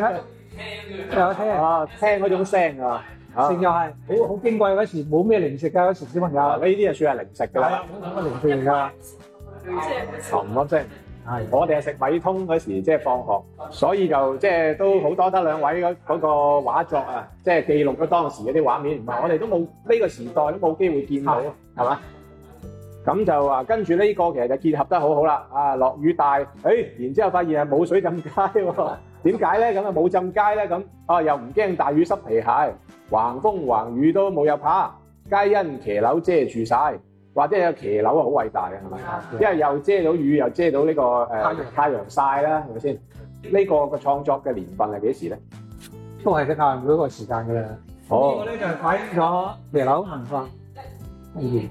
S1: 聽啊聽啊聽嗰種聲啊！聲又係好好矜貴，嗰時冇咩零食㗎，嗰時，小朋友你呢啲就算係零食㗎啦。沉嗰聲。係，我哋係食米通嗰時，即係放學，所以就即係都好多得兩位嗰個個畫作啊，即係記錄咗當時嗰啲畫面。唔係，我哋都冇呢個時代，都冇機會見到，係嘛？咁就話跟住呢個，其實就結合得好好啦。啊，落雨大，誒，然之後發現係冇水浸街啊，點解咧？咁啊冇浸街咧？咁啊又唔驚大雨濕皮鞋，橫風橫雨都冇有怕，皆因騎樓遮住晒。或者有騎樓啊，好偉大嘅係咪？因為又遮到雨，又遮到呢、這個誒、呃、太陽曬啦，係咪先？呢、這個個創作嘅年份係幾時咧？都
S2: 係喺亞運會個時間㗎啦。哦。呢、這個咧就反映咗騎樓文化。二、嗯、一，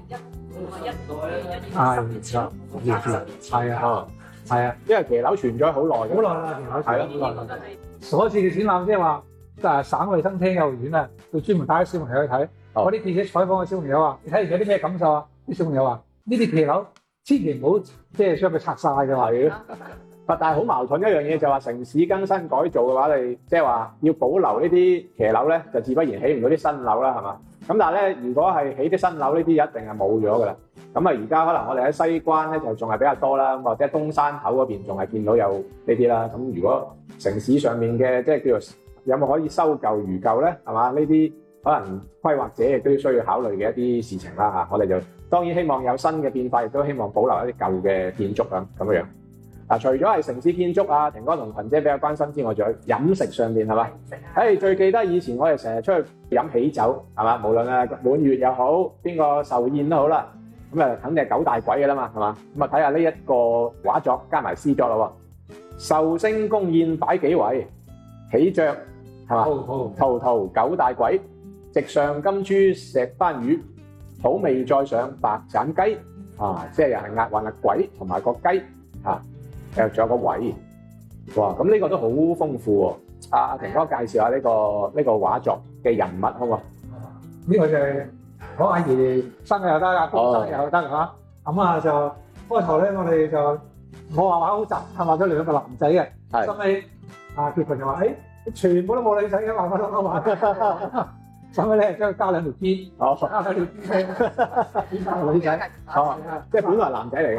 S2: 十一代，二、嗯、一，年、嗯、一，二十年曆，一、嗯，啊，係啊、嗯，因為，騎樓，存在，好耐。好耐啦，騎樓。係咯，好耐啦。上次嘅展覽即係話誒省衞生廳幼兒園啊，佢專門帶啲小朋友去睇。啲、哦、記者採訪嘅小朋友話：你睇完有啲咩感受啊？啲小朋友話：呢啲騎樓
S1: 千祈唔好，即係將佢拆曬嘅係咯。但係好矛盾一樣嘢，就話城市更新改造嘅話，你即係話要保留呢啲騎樓咧，就自不然起唔到啲新樓啦，係嘛？咁但係咧，如果係起啲新樓，呢啲一定係冇咗嘅啦。咁啊，而家可能我哋喺西關咧就仲係比較多啦，或者東山口嗰邊仲係見到有呢啲啦。咁如果城市上面嘅即係叫做有冇可以修舊如舊咧，係嘛？呢啲可能規劃者亦都需要考慮嘅一啲事情啦。嚇，我哋就～當然希望有新嘅變化，亦都希望保留一啲舊嘅建築咁咁樣。嗱，除咗係城市建築啊，庭哥同群姐比較關心之外，仲有飲食上面係咪？誒，最記得以前我哋成日出去飲喜酒係嘛，無論啊滿月又好，邊個壽宴都好啦，咁啊肯定係九大簋嘅啦嘛係嘛，咁啊睇下呢一個畫作加埋詩作啦喎，壽星公宴擺幾位，喜鵲係嘛，陶陶九大簋，直上金珠石斑魚。好味再上白斬雞，
S5: 啊，
S1: 即係又係押韻啊鬼同埋個雞，啊，誒仲有個位，哇！咁呢個都好豐富喎。阿庭哥介紹下呢個呢個畫作嘅人物好嗎？
S2: 呢個就係我阿姨生日又得啦，我生日又得嚇。咁啊就開頭咧，我哋就我畫畫好雜，畫咗兩個男仔嘅，後尾阿潔群就話：，誒，全部都冇女仔嘅，畫翻都冇女仔。咁咧，將加兩條肩，加兩條肩咧，變翻個女仔。哦，啊啊啊啊啊啊、即係本來是男仔嚟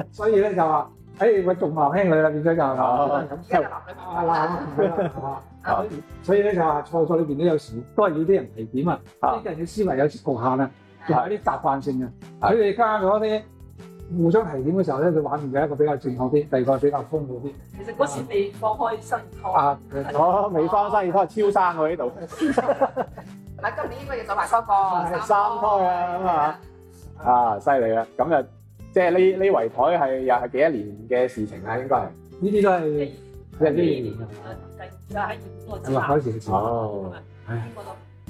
S2: 嘅。所以呢就話，誒、哎，我重男輕女啦，變咗、啊啊啊、就。咁係男
S5: 嘅男。
S2: 所以呢，就話，錯錯裏面都有時，都係要啲人提點啊。呢個人嘅思維有時侷限啊，還有啲習慣性啊。佢哋加嗰啲。互相提點嘅時候咧，佢玩完嘅一個比較正確啲，第二個比較豐富啲。其
S4: 實嗰時未放
S2: 開新胎啊，
S1: 哦，未放開新胎超生佢呢度。嗱
S3: 今年應該要走埋個三
S1: 胎啊，啊，犀利啊！咁就即係呢呢圍台係又係幾多年嘅事情啦，應該係呢啲都係即係呢年。咁啊，開始哦。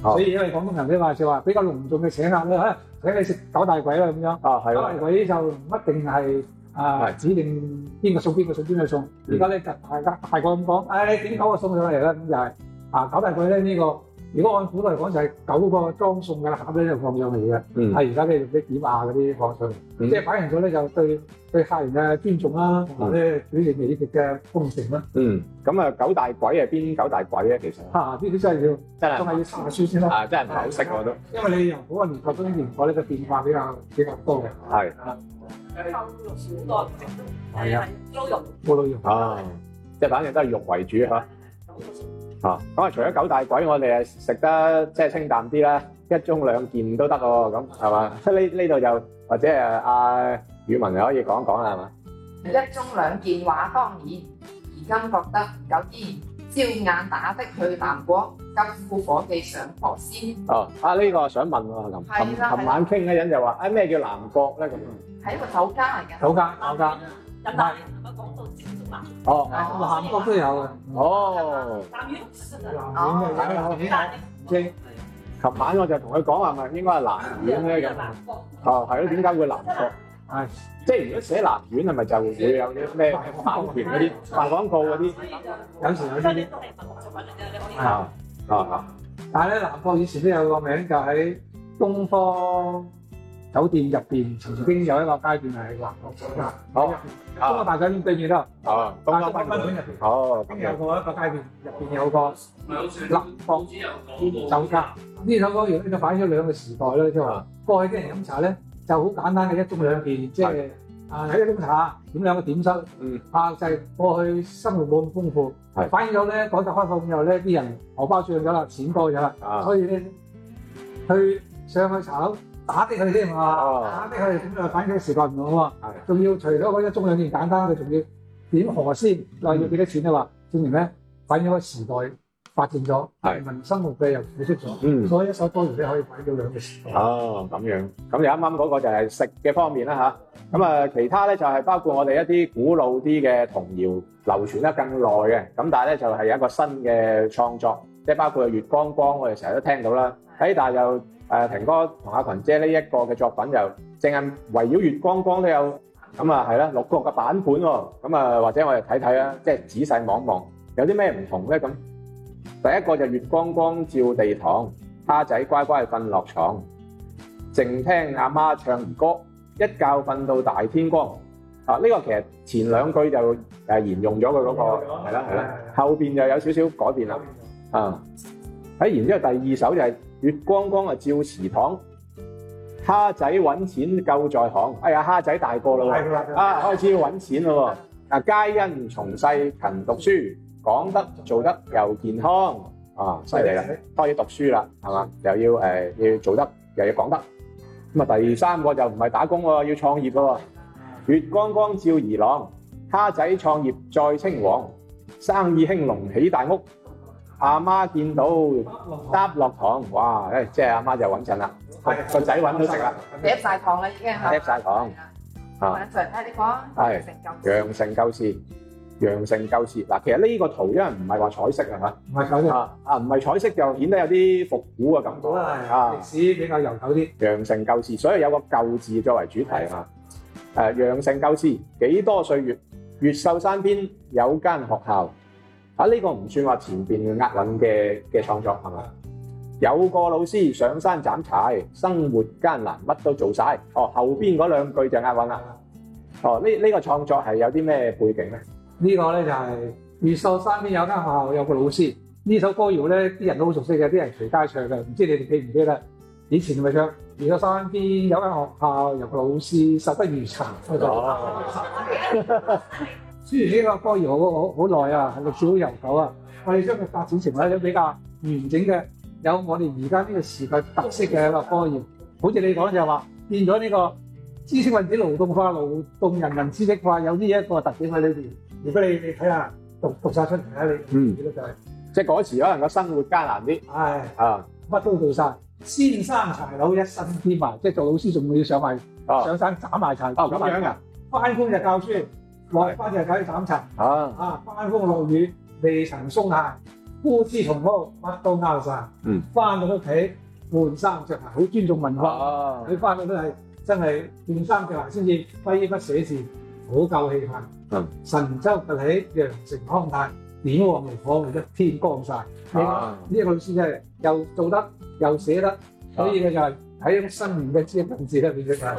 S1: 所
S2: 以因為廣東人的話，就話比較隆重嘅請客咧，請你食九大簋啦咁樣。啊，係咯。九大簋就唔一定係、啊、指定邊個餸邊個餸邊個餸，而家咧就大，大、哎、個咁講，誒你點搞我餸上嚟啦咁就係啊九大簋呢呢、呢個。如果按古代嚟講，就係九個裝餸噶啦，盒咧就放上嚟嘅。嗯，係而家咧用啲點啊嗰啲放上嚟，即係反映咗咧就對對客人嘅尊重啦同埋咧展示美食嘅風情啦。嗯，
S1: 咁啊九大簋係邊九大簋咧？其實啊，呢啲真係要真係要查下書先啦。啊，真係唔係好識我都，因為你由古運到中年代咧嘅變化比較比較多嘅。
S4: 係啊，
S1: 係啊，都肉少多，係啊，都肉啊，即係反正都係肉為主嚇。啊，咁啊，除咗九大簋，我哋啊食得即係清淡啲啦，一盅兩件都得喎，咁係嘛？即係呢呢度就或者啊阿雨文又可以講講啦，係嘛？
S3: 一盅兩件話當然，
S1: 而
S3: 今覺得有啲招眼打的去南國，舊富伙記上
S1: 薄先。哦，啊呢個想問喎，琴琴晚傾嗰人就話，啊咩叫南國咧？咁，係一個
S4: 酒家
S1: 嚟㗎，酒家酒家，
S4: 咁啊。
S1: 哦,哦,南國、啊哦,哦南，南苑都有嘅，
S2: 哦，
S4: 為會
S2: 南苑，南好，好、啊，好，好，即
S1: 係，琴晚我就同佢講話，咪應該係南苑咧咁，哦，係咯，點解會南苑？係，即係如果寫南苑係咪就是、會有啲咩包權啲發廣告嗰啲，
S5: 有時有呢啲。啊，
S1: 啊，啊但係咧，南方以前
S2: 都有個名，就喺、是、東方。酒店入邊曾經有一個階段係南國酒家，好，東華大酒店對面咯，啊，東華大酒店入邊，好，入邊有個一個階段，入邊有個南國酒家。呢首歌入邊都反映咗兩個時代啦，即係話過去啲人飲茶咧就好簡單嘅一盅兩件，即係啊，睇一盅茶，點兩個點心，嗯，但係過去生活冇咁豐富，反映咗咧，改革開放之後咧，啲人荷包脹咗啦，錢多咗啦，啊，所以咧去上去茶樓。打啲佢先嘛，哦、打啲佢咁就反映時代唔好嘛。仲要除咗嗰一盅兩件簡單，佢仲要點何先？嗱、嗯、要幾多錢啊？話，自然咧反映個時代發展咗，民生目費又付出咗。嗯，所以一首歌完全可以
S1: 反映到兩個時代。哦，咁樣。咁又啱啱嗰個就係食嘅方面啦吓，咁啊，其他咧就係包括我哋一啲古老啲嘅童謠流傳得更耐嘅。咁但係咧就係有一個新嘅創作，即係包括月光光，我哋成日都聽到啦。又。誒、呃，庭哥同阿群姐呢一個嘅作品就淨係圍繞月光光都有咁啊，係啦，六個嘅版本喎，咁啊，或者我哋睇睇啦，即係仔細望望有啲咩唔同咧咁。第一個就月光光照地堂，蝦仔乖乖瞓落床，靜聽阿媽唱兒歌，一覺瞓到大天光。啊，呢個其實前兩句就誒沿用咗佢嗰個，係啦係啦，後面就有少少改變啦。啊，喺然之後第二首就係。月光光啊照祠堂，蝦仔揾錢夠在行。哎呀，蝦仔大個嘞，啊開始要揾錢嘞喎。皆因從細勤讀書，講得做得又健康。啊，犀利啦，開始讀書啦，係嘛？又要誒、呃、要做得，又要講得。咁啊，第三個就唔係打工喎，要創業喎。月光光照兒郎，蝦仔創業再興旺。生意興隆起大屋。阿媽見到嗒落糖，哇！唉，即係阿媽就穩陣啦，個仔穩到食啦，
S3: 舐晒糖啦已經係，舐晒
S1: 糖。啊，常
S3: 聽
S1: 你講，係羊城舊事，羊城舊事嗱，其實呢個圖因為唔係話彩色啊，係咪唔係彩色啊？啊唔係彩色就顯得有啲復古嘅感覺啊，歷史比較悠久啲。羊城舊事，所以有個舊字作為主題啊。誒，羊城舊事，幾多歲月？越秀山邊有間學校。啊！呢、這個唔算話前邊嘅押韻嘅嘅創作係咪？有個老師上山斬柴，生活艱難，乜都做晒。哦，後邊嗰兩句就押韻啦。哦，呢、這、呢個創作係有啲咩背景咧？
S2: 這個、呢個咧就係、是、越秀山邊有間學校有個老師，呢首歌謠咧啲人都好熟悉嘅，啲人隨街唱嘅，唔知你哋記唔記得？以前咪唱越秀山邊有間學校有個老師，實不如茶。 *laughs* 雖然呢個科研好好好耐啊，歷史好悠久啊，我哋將佢發展成為一種比較完整嘅，有我哋而家呢個時代特色嘅一個科研。好似你講就話變咗呢個知識分子勞動化、勞動人民知識化，有呢一個特點喺裏邊。如果你你睇下讀讀曬
S1: 出嚟啦，你，看看你嗯記得就係，即係嗰時可能個生活艱難啲，係啊，乜都做晒、啊，先生柴佬一身添埋，即係做老師仲會要上埋、啊、上山斬埋柴
S2: 咁、哦、樣啊，翻工就教書。落花石，解要鏽塵；啊啊，翻風落雨，未曾鬆懈；枯枝重枯，乜都拗晒。嗯，翻到屋企，換衫着鞋，好尊重文化。啊佢翻到都係真係換衫着鞋先至揮筆寫字，好夠氣派、嗯。神州崛起，羊城康泰，點旺明火，一天光晒。啊，呢個老師真係又做得又寫得，所以佢就係、是、喺、啊、新年嘅書本字入你識嘛？啊啊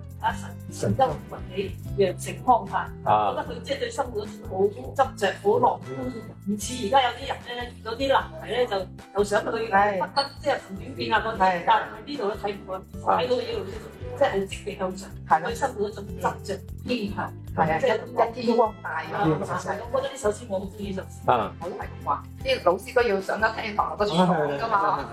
S4: 啊！神神經運起嘅情方法，啊、覺得佢即係對生活好執着、好樂觀，唔似而家有啲人咧，有啲問題咧就、啊、就想去，哎、不得，即係唔斷變壓嗰啲。但係呢度都睇唔
S3: 過，睇到呢度即係積極向上，對生活一種執著堅強。啊，即係一啲大係，啊啊嗯嗯嗯、我覺得呢首詩我好中意，就、嗯、係我都係咁話，啲老師都
S2: 要上得聽，同學都傳㗎嘛。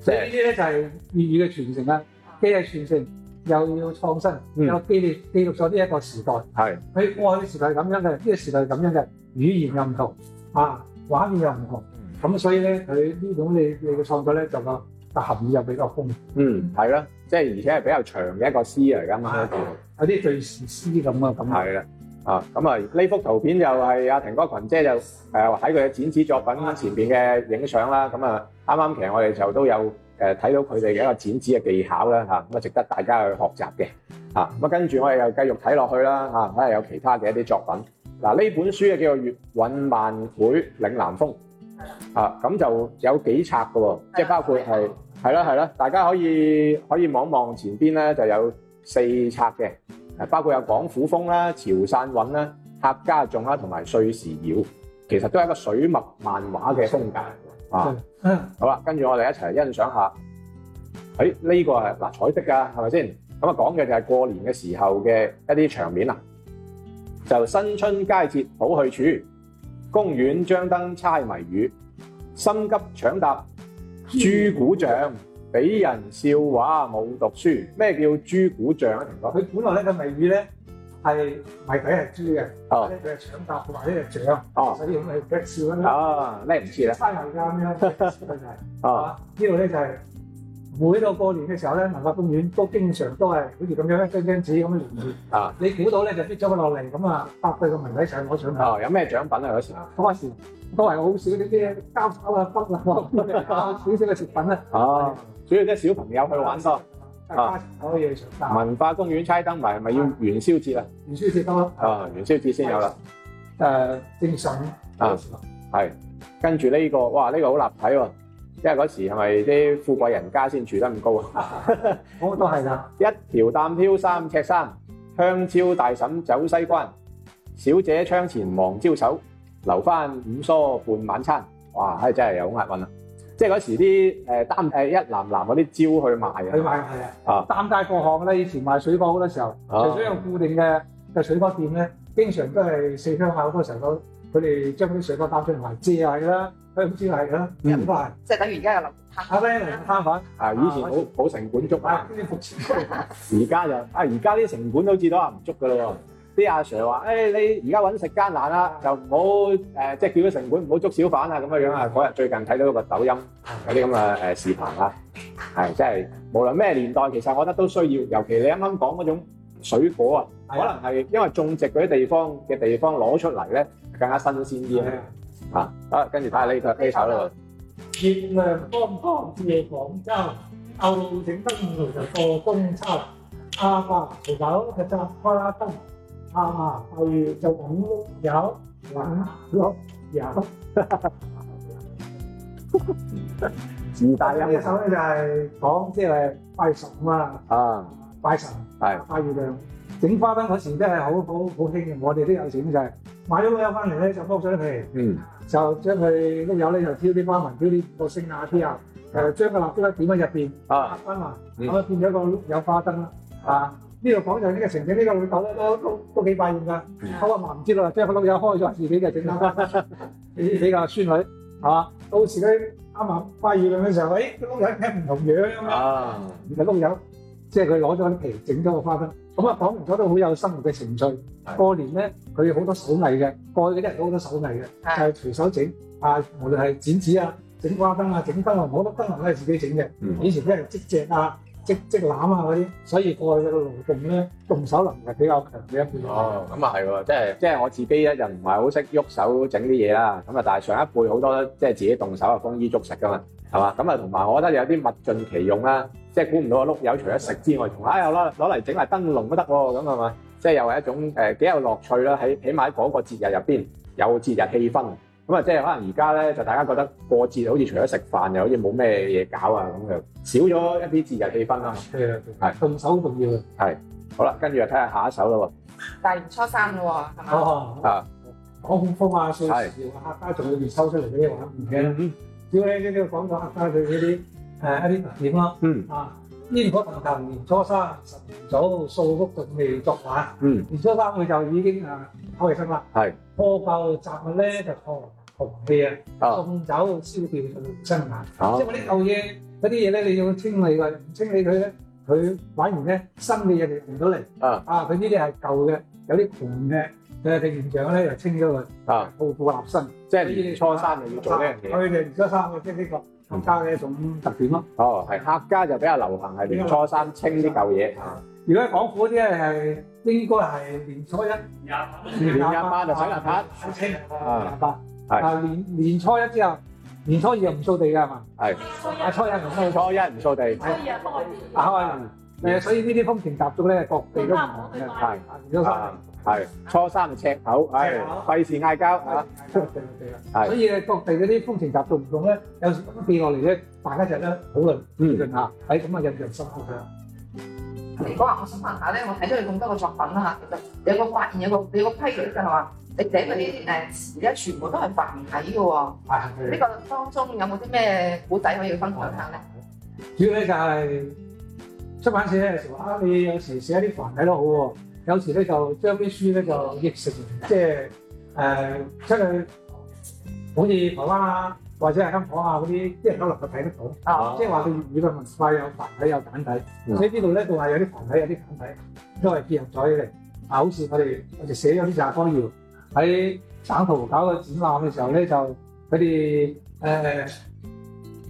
S2: 所以呢啲咧就係粵語嘅傳承啦，基嘅傳承。又要創新，又記記錄咗呢一個時代。係佢過去嘅時代係咁樣嘅，呢、哎呢個時代係咁樣嘅、呢個，語言又唔同啊，畫面又唔同。咁所以咧，佢呢種你你嘅創作咧，就個嘅含義又比較豐富嗯，
S1: 係、嗯、啦，即係而且係比較長嘅一個詩嚟㗎嘛。有
S2: 啲對詩咁啊咁。係啦、
S1: 嗯，啊咁啊，呢幅圖片又係阿庭哥群姐就誒喺佢嘅剪紙作品前邊嘅影相啦。咁、嗯、啊，啱啱其實我哋就都有。誒睇到佢哋嘅一個剪紙嘅技巧啦嚇，咁啊值得大家去學習嘅，啊咁啊跟住我哋又繼續睇落去啦嚇，睇下有其他嘅一啲作品。嗱、啊、呢本書嘅叫做《粵韻漫繪嶺南風》，啊咁就有幾冊嘅，即係包括係係啦係啦，大家可以可以望望前邊咧就有四冊嘅，誒包括有廣府風啦、潮汕韻啦、客家眾啦同埋歲時謠》。其實都係一個水墨漫畫嘅風格。啊，好啦，跟住我哋一齊欣賞下，誒、欸、呢、這個係嗱、啊、彩色噶，係咪先？咁啊講嘅就係過年嘅時候嘅一啲場面啦，就新春佳節好去處，公園張燈猜謎語，心急搶答豬古象，俾人笑話冇讀書，咩叫豬古象啊？庭哥？佢本來咧個謎語咧。係謎底
S2: 係豬嘅，佢、哦、係搶答，或者係獎，所以咁你一笑咧，啊，呢唔知啦，是是猜嚟㗎咩？哦， *laughs* 呢度咧就係每到過年嘅時候咧，文化公園都經常都係好似咁樣一張張紙咁樣連
S1: 住，啊，
S2: 你估到咧就跌咗佢落嚟，咁啊答
S1: 對個謎底上攞獎，哦、啊，有咩獎品啊嗰時，、啊、時？嗰時都係好少啲交手啊、筆啊，少少嘅食品啦。哦、啊，主要都係小朋友去玩可以啊！文化公園猜燈謎係咪要元宵節啦？元宵節多啊！元宵節先有啦。誒，
S2: 正常
S1: 啊，係、啊、跟住呢、這個，哇！呢、這個好立體喎、啊，因為嗰時係咪啲富貴人家先住得咁高啊？我、 *laughs* 哦、都係啦。一條擔挑三尺山，香蕉大嬸走西關，小姐窗前忙招手，留返五梳半晚餐。哇！係真係有押韻啊！即係嗰時啲誒擔誒一籃籃嗰啲蕉去賣啊！去賣，係啊，啊，擔街過巷咧，以前賣水果好多時候，除咗有固定嘅嘅水果店咧，經常
S2: 都係四鄉下好多時候都佢哋將啲水果擔出嚟自下㗎啦，佢唔知係啦，
S1: 咁都即係
S2: 等
S1: 於而家有臨攤。啊，粉啊！以前好好城管捉啊，而家就啊，而家啲城管都好似都話唔捉㗎咯喎。啲阿 Sir 話，誒、哎、你而家揾食艱難啦，就唔好誒，即係叫咗城管唔好捉小販啊，咁嘅樣啊。嗰日最近睇到個抖音有啲咁嘅誒視頻啦，係即係無論咩年代，其實我覺得都需要。尤其你啱啱講嗰種水果啊，可能係因為種植嗰啲地方嘅地方攞出嚟咧，更加新鮮啲啊。啊，好，跟住睇下呢呢首呢度整就阿你
S2: 台飛炒啦。啊啊！八月就咁碌柚，玩碌柚。哈哈哈哈哈！一首咧就係講，即係拜神啊嘛。啊！拜神係拜月亮。整花燈嗰時真係好好好興嘅。我哋都有錢就係買咗碌柚翻嚟咧，就剝咗佢，嗯，就將佢碌柚咧就挑啲花紋，挑啲五角星啊啲啊，誒，將個蠟燭咧點喺入邊，啊，燈啊，咁啊變咗個碌柚花燈啦，啊。呢度講就呢個情景，呢、呢個老豆咧都都都幾百厭㗎。好啊嘛，唔知啦，即係佢老友開咗，自己嘅整啦。你你個孫女係嘛？到時佢啱啱花月亮嘅時候，咦，啲老友睇唔同樣啊。原來老友即係佢攞咗啲皮整咗個花燈。咁、嗯、啊，講唔錯，都好有生活嘅情趣。過年咧，佢好多手藝嘅，過去啲人都好多手藝嘅，就係、隨手整啊，無論係剪紙啊、整花燈啊、整燈啊，好多燈啊都係自己整嘅、嗯。以前啲人織席啊。即即攬啊！嗰啲，所以過去嘅勞動咧，動手能力比較
S1: 強嘅一邊。哦，咁啊係喎，即係即係我自己咧，就唔係好識喐手整啲嘢啦。咁啊，但係上一輩好多即係自己動手啊，豐衣足食噶嘛，係嘛？咁啊，同埋我覺得有啲物盡其用啦，即係估唔到個碌柚除咗食之外，仲啊有攞攞嚟整埋燈籠都得喎，咁係嘛？即係又係一種誒幾有樂趣啦。起起碼喺嗰個節日入邊有節日氣氛。咁啊，即係可能而家咧，就大家覺得過節好似除咗食飯，又好似冇咩嘢搞啊，咁樣就少咗一啲節日氣氛啊嘛。係啊，係。動手好重要啊。係。好啦，跟住就睇下下一首啦喎。
S3: 大年初三喎，
S1: 係嘛？哦
S2: 啊！講風啊，掃啊，客家仲裏邊抽出嚟嘅嘢玩嘅。嗯。講下客家嘅嗰啲誒一啲特點咯。嗯。啊！煙火騰騰，年初三十年早掃屋仲未作畫。嗯。年初三佢就已經誒開起身啦。係。破舊雜物咧就破。紅氣啊，送走燒掉就生猛。即係我啲舊嘢嗰啲嘢咧，你要清理㗎，唔清理佢咧，佢玩完咧新嘅嘢嚟唔到嚟啊！啊，佢呢啲係舊嘅，有啲盤嘅誒，庭長咧又清咗佢啊，破舊立新。即係呢啲初三就要做呢樣嘢。佢哋年初三嘅即係
S1: 呢個客家嘅一種特點咯。Uh -huh. 哦，係客家就比較流行係年初三清啲舊嘢。
S2: 如果喺廣府啲咧係應該係年初一廿年初廿
S1: 八就洗邋遢，
S2: 好清廿八。啊，年年初一之後，年初二唔
S1: 掃地嘅係嘛？係。年初一唔掃地。年初一唔
S5: 掃
S1: 地。所以呢啲風情習俗咧，各地都唔同嘅。係。係。初三係赤口，唉，費事嗌交嚇。所以各地嗰啲風情
S2: 習俗唔同咧，有時變落嚟咧，大家、嗯嗯、就咧討論討論下。誒、嗯，咁啊，印象深刻。李哥啊，我想問下咧，我睇到你咁多嘅作品啦嚇，其實有個發現，有個有個
S3: 規律嘅係嘛？
S2: 你寫嗰啲誒而家，全部都係繁體嘅喎。呢、這個當中有冇啲咩古仔可以分享下咧、啊？主要咧就係出版社嘅時候咧，你有時寫啲繁體都好喎。有時咧就將啲書咧就譯成，即係誒出去，好似台灣啊或者係香港啊嗰啲，啲人都能夠睇得到、哦。啊。即係話佢粵語嘅文化有繁體有簡體。而且呢度咧，仲係有啲繁體有啲簡體，嗯、都係結合咗起嚟。啊，好似我哋我哋寫咗啲就係方言。喺省圖搞個展覽嘅時候呢，就佢哋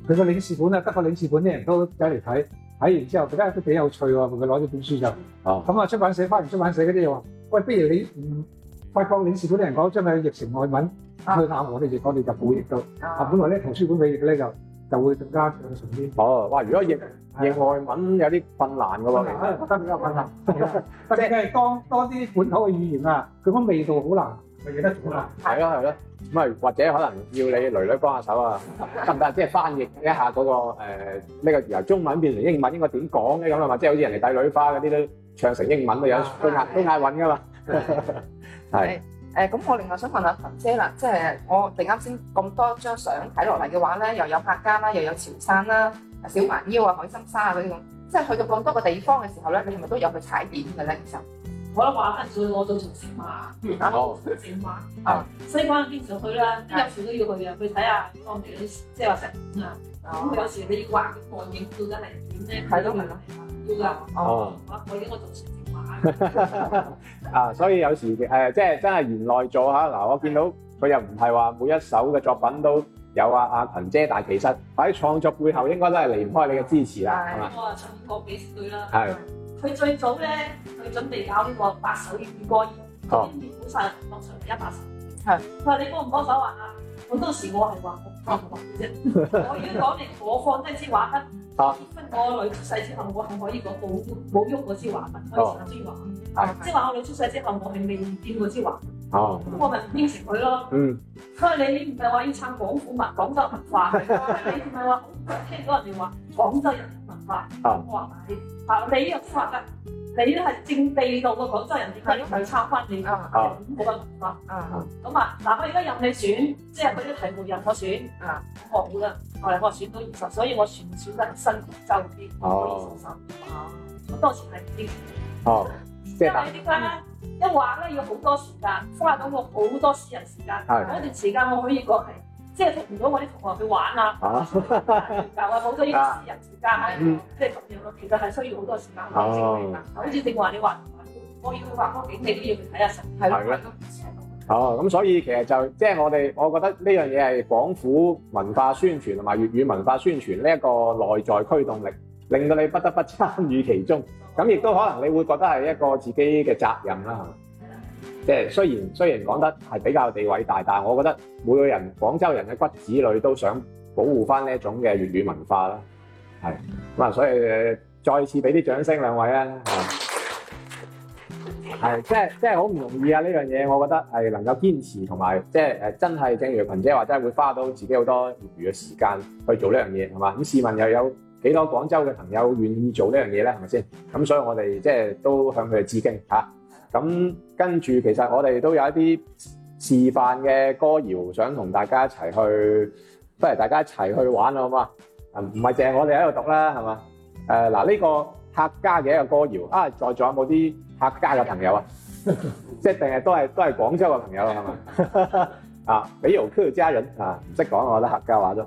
S2: 佢個領事館咧，德國領事館啲人都走嚟睇，睇完之後，佢哋都幾有趣喎。佢攞咗本書就咁啊、哦、出版社翻完出版社嗰啲又話：喂，不如你唔發放領事館啲人講將佢譯成外文去喊我哋，我、啊、哋就補譯到啊。本來咧圖書館嘅譯咧就就會更加順啲。哦，如果譯外文有啲困難嘅喎、啊，覺得比較困難，特別係當多啲本土嘅語言啊，佢嗰味道好難。
S1: 係咯，係咯，咁啊或者可能要你囡囡幫下手啊，得唔得？即係翻譯一下嗰個誒咩個由中文變成英文應該點講咧？咁啊嘛，即係好似人哋帝女花嗰啲都唱成英文都有，都嗌都嗌韻噶嘛。
S3: 係誒，咁我另外想問下群姐啦，即係我哋啱先咁多張相睇落嚟嘅話咧，又有客家啦，又有潮汕啦，小蠻腰啊、海心沙啊嗰啲咁，即係去到咁多個地方嘅時候咧，你係咪都有去踩點噶咧？其實
S4: 我都話翻做我做城市嘛，我做城市嘛、哦嗯，啊，西關經常去啦，有時都要去嘅，去
S1: 睇下、啊、當地即係話景啊。咁有時你要畫啲景，到底係點咧？係咯，係咯，要噶。哦，我、哦啊、我應該做城市嘛。 *laughs* 啊，所以有時、啊、即係真係賢內助。嗱、啊，我見到佢又唔係話每一首嘅作品都有啊阿群、啊、姐，但係其實喺創作背後應該都係離唔開你嘅支持啦，係嘛？哇，差唔多幾
S4: 歲啦？嗯啊佢最早呢，佢準備搞呢個八首粵語歌，將啲粵語古剎攞出嚟一百首。係，佢話你幫唔幫手畫啊？Mm. 很多我當時、oh. *laughs* 我係話唔幫嘅啫，我如果講嘅我放低支畫筆。嚇，我女出世之後，我係可以講冇冇喐嗰支畫筆開支畫，oh. okay. 即係話我女出世之後，我係未見過支畫。哦，咁我咪應承佢咯。嗯，因為你唔係話要撐廣府文、廣州文化，你唔係話聽到人哋話廣州人文化，咁我話你，啊你呢個說法咧，你係正地道嘅廣州人，點解要撐翻你嘅、oh. 文化？啊、oh. 啊、嗯，咁啊，嗱我而家任你選，即係佢啲題目任我選啊，我學會啦，我嚟，我選到二十，所以我選選得新廣州啲二十首，啊我受受到、oh. 我到時睇
S5: 啲。好，oh.，再見啦，再
S4: 見。一玩咧要好多時間，花咗我好多私人時間。一段時間我可以過嚟，即係同唔到我啲同學去玩啦。
S5: 就
S4: 我好多呢啲私人時間係，即係咁樣咯。其實係需要好多時間、啊，我先明白。好似正話你話，我要去畫個景，你都要
S1: 去睇下神，係啦。哦，咁所以其實就即係、就是、我哋，我覺得呢樣嘢係廣府文化宣傳同埋粵語文化宣傳呢一個內在驅動力。令到你不得不參與其中，咁亦都可能你會覺得係一個自己嘅責任啦嚇。即係雖然雖然講得係比較地偉大，但係我覺得每個人廣州人嘅骨子裏都想保護翻呢一種嘅粵語文化啦。係咁啊，所以、呃、再次俾啲掌聲兩位啊！係，係，真係真係好唔容易啊！呢樣嘢，我覺得係能夠堅持同埋，即係誒、呃、真係正如群姐話，真係會花到自己好多業餘嘅時間去做呢樣嘢，係嘛？咁市民又有。幾多廣州嘅朋友願意做呢樣嘢咧？係咪先？咁所以我哋即係都向佢哋致敬嚇。咁跟住其實我哋都有一啲示範嘅歌謠，想同大家一齊去，不如大家一齊去玩啦，好嘛？唔係淨係我哋喺度讀啦，係嘛？誒嗱，呢個客家嘅一個歌謠啊，再仲有冇啲客家嘅朋友啊？即係定係都係都係廣州嘅朋友啦，係嘛、 *laughs* 啊？啊，沒有客家人啊，唔識講我覺得客家話咗。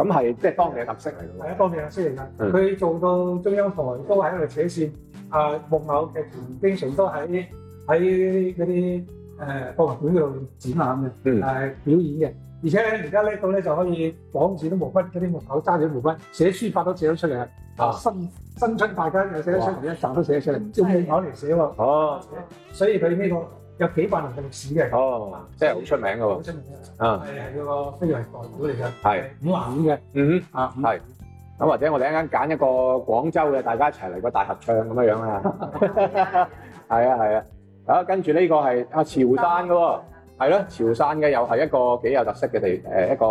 S1: 咁係即係當地嘅特色嚟嘅，
S2: 當地嘅特色嚟嘅。佢、嗯、做到中央台都喺度扯線啊木偶劇團，經常都喺喺嗰啲誒博物館度展覽嘅，誒、嗯呃、表演嘅。而且而家呢度咧就可以綁住啲毛筆，嗰啲木偶揸住啲毛筆寫書法都寫咗出嚟啊！新新春大家又寫咗出嚟，一集都寫咗出嚟，用木偶嚟寫喎。哦、啊，所以佢呢個。
S1: 有幾百年嘅歷史嘅，哦，即係好出名嘅喎，出名！係、啊、嗰、那個飛揚代表嚟嘅，係五華縣嘅，嗯哼啊，係咁、嗯嗯、或者我哋一陣間揀一個廣州嘅，大家一齊嚟個大合唱咁樣樣、嗯、 *laughs* 啊，係啊係啊，好、啊、跟住呢個係啊潮汕嘅喎，係、嗯、咯、啊、潮汕嘅又係一個幾有特色嘅地誒、嗯、一個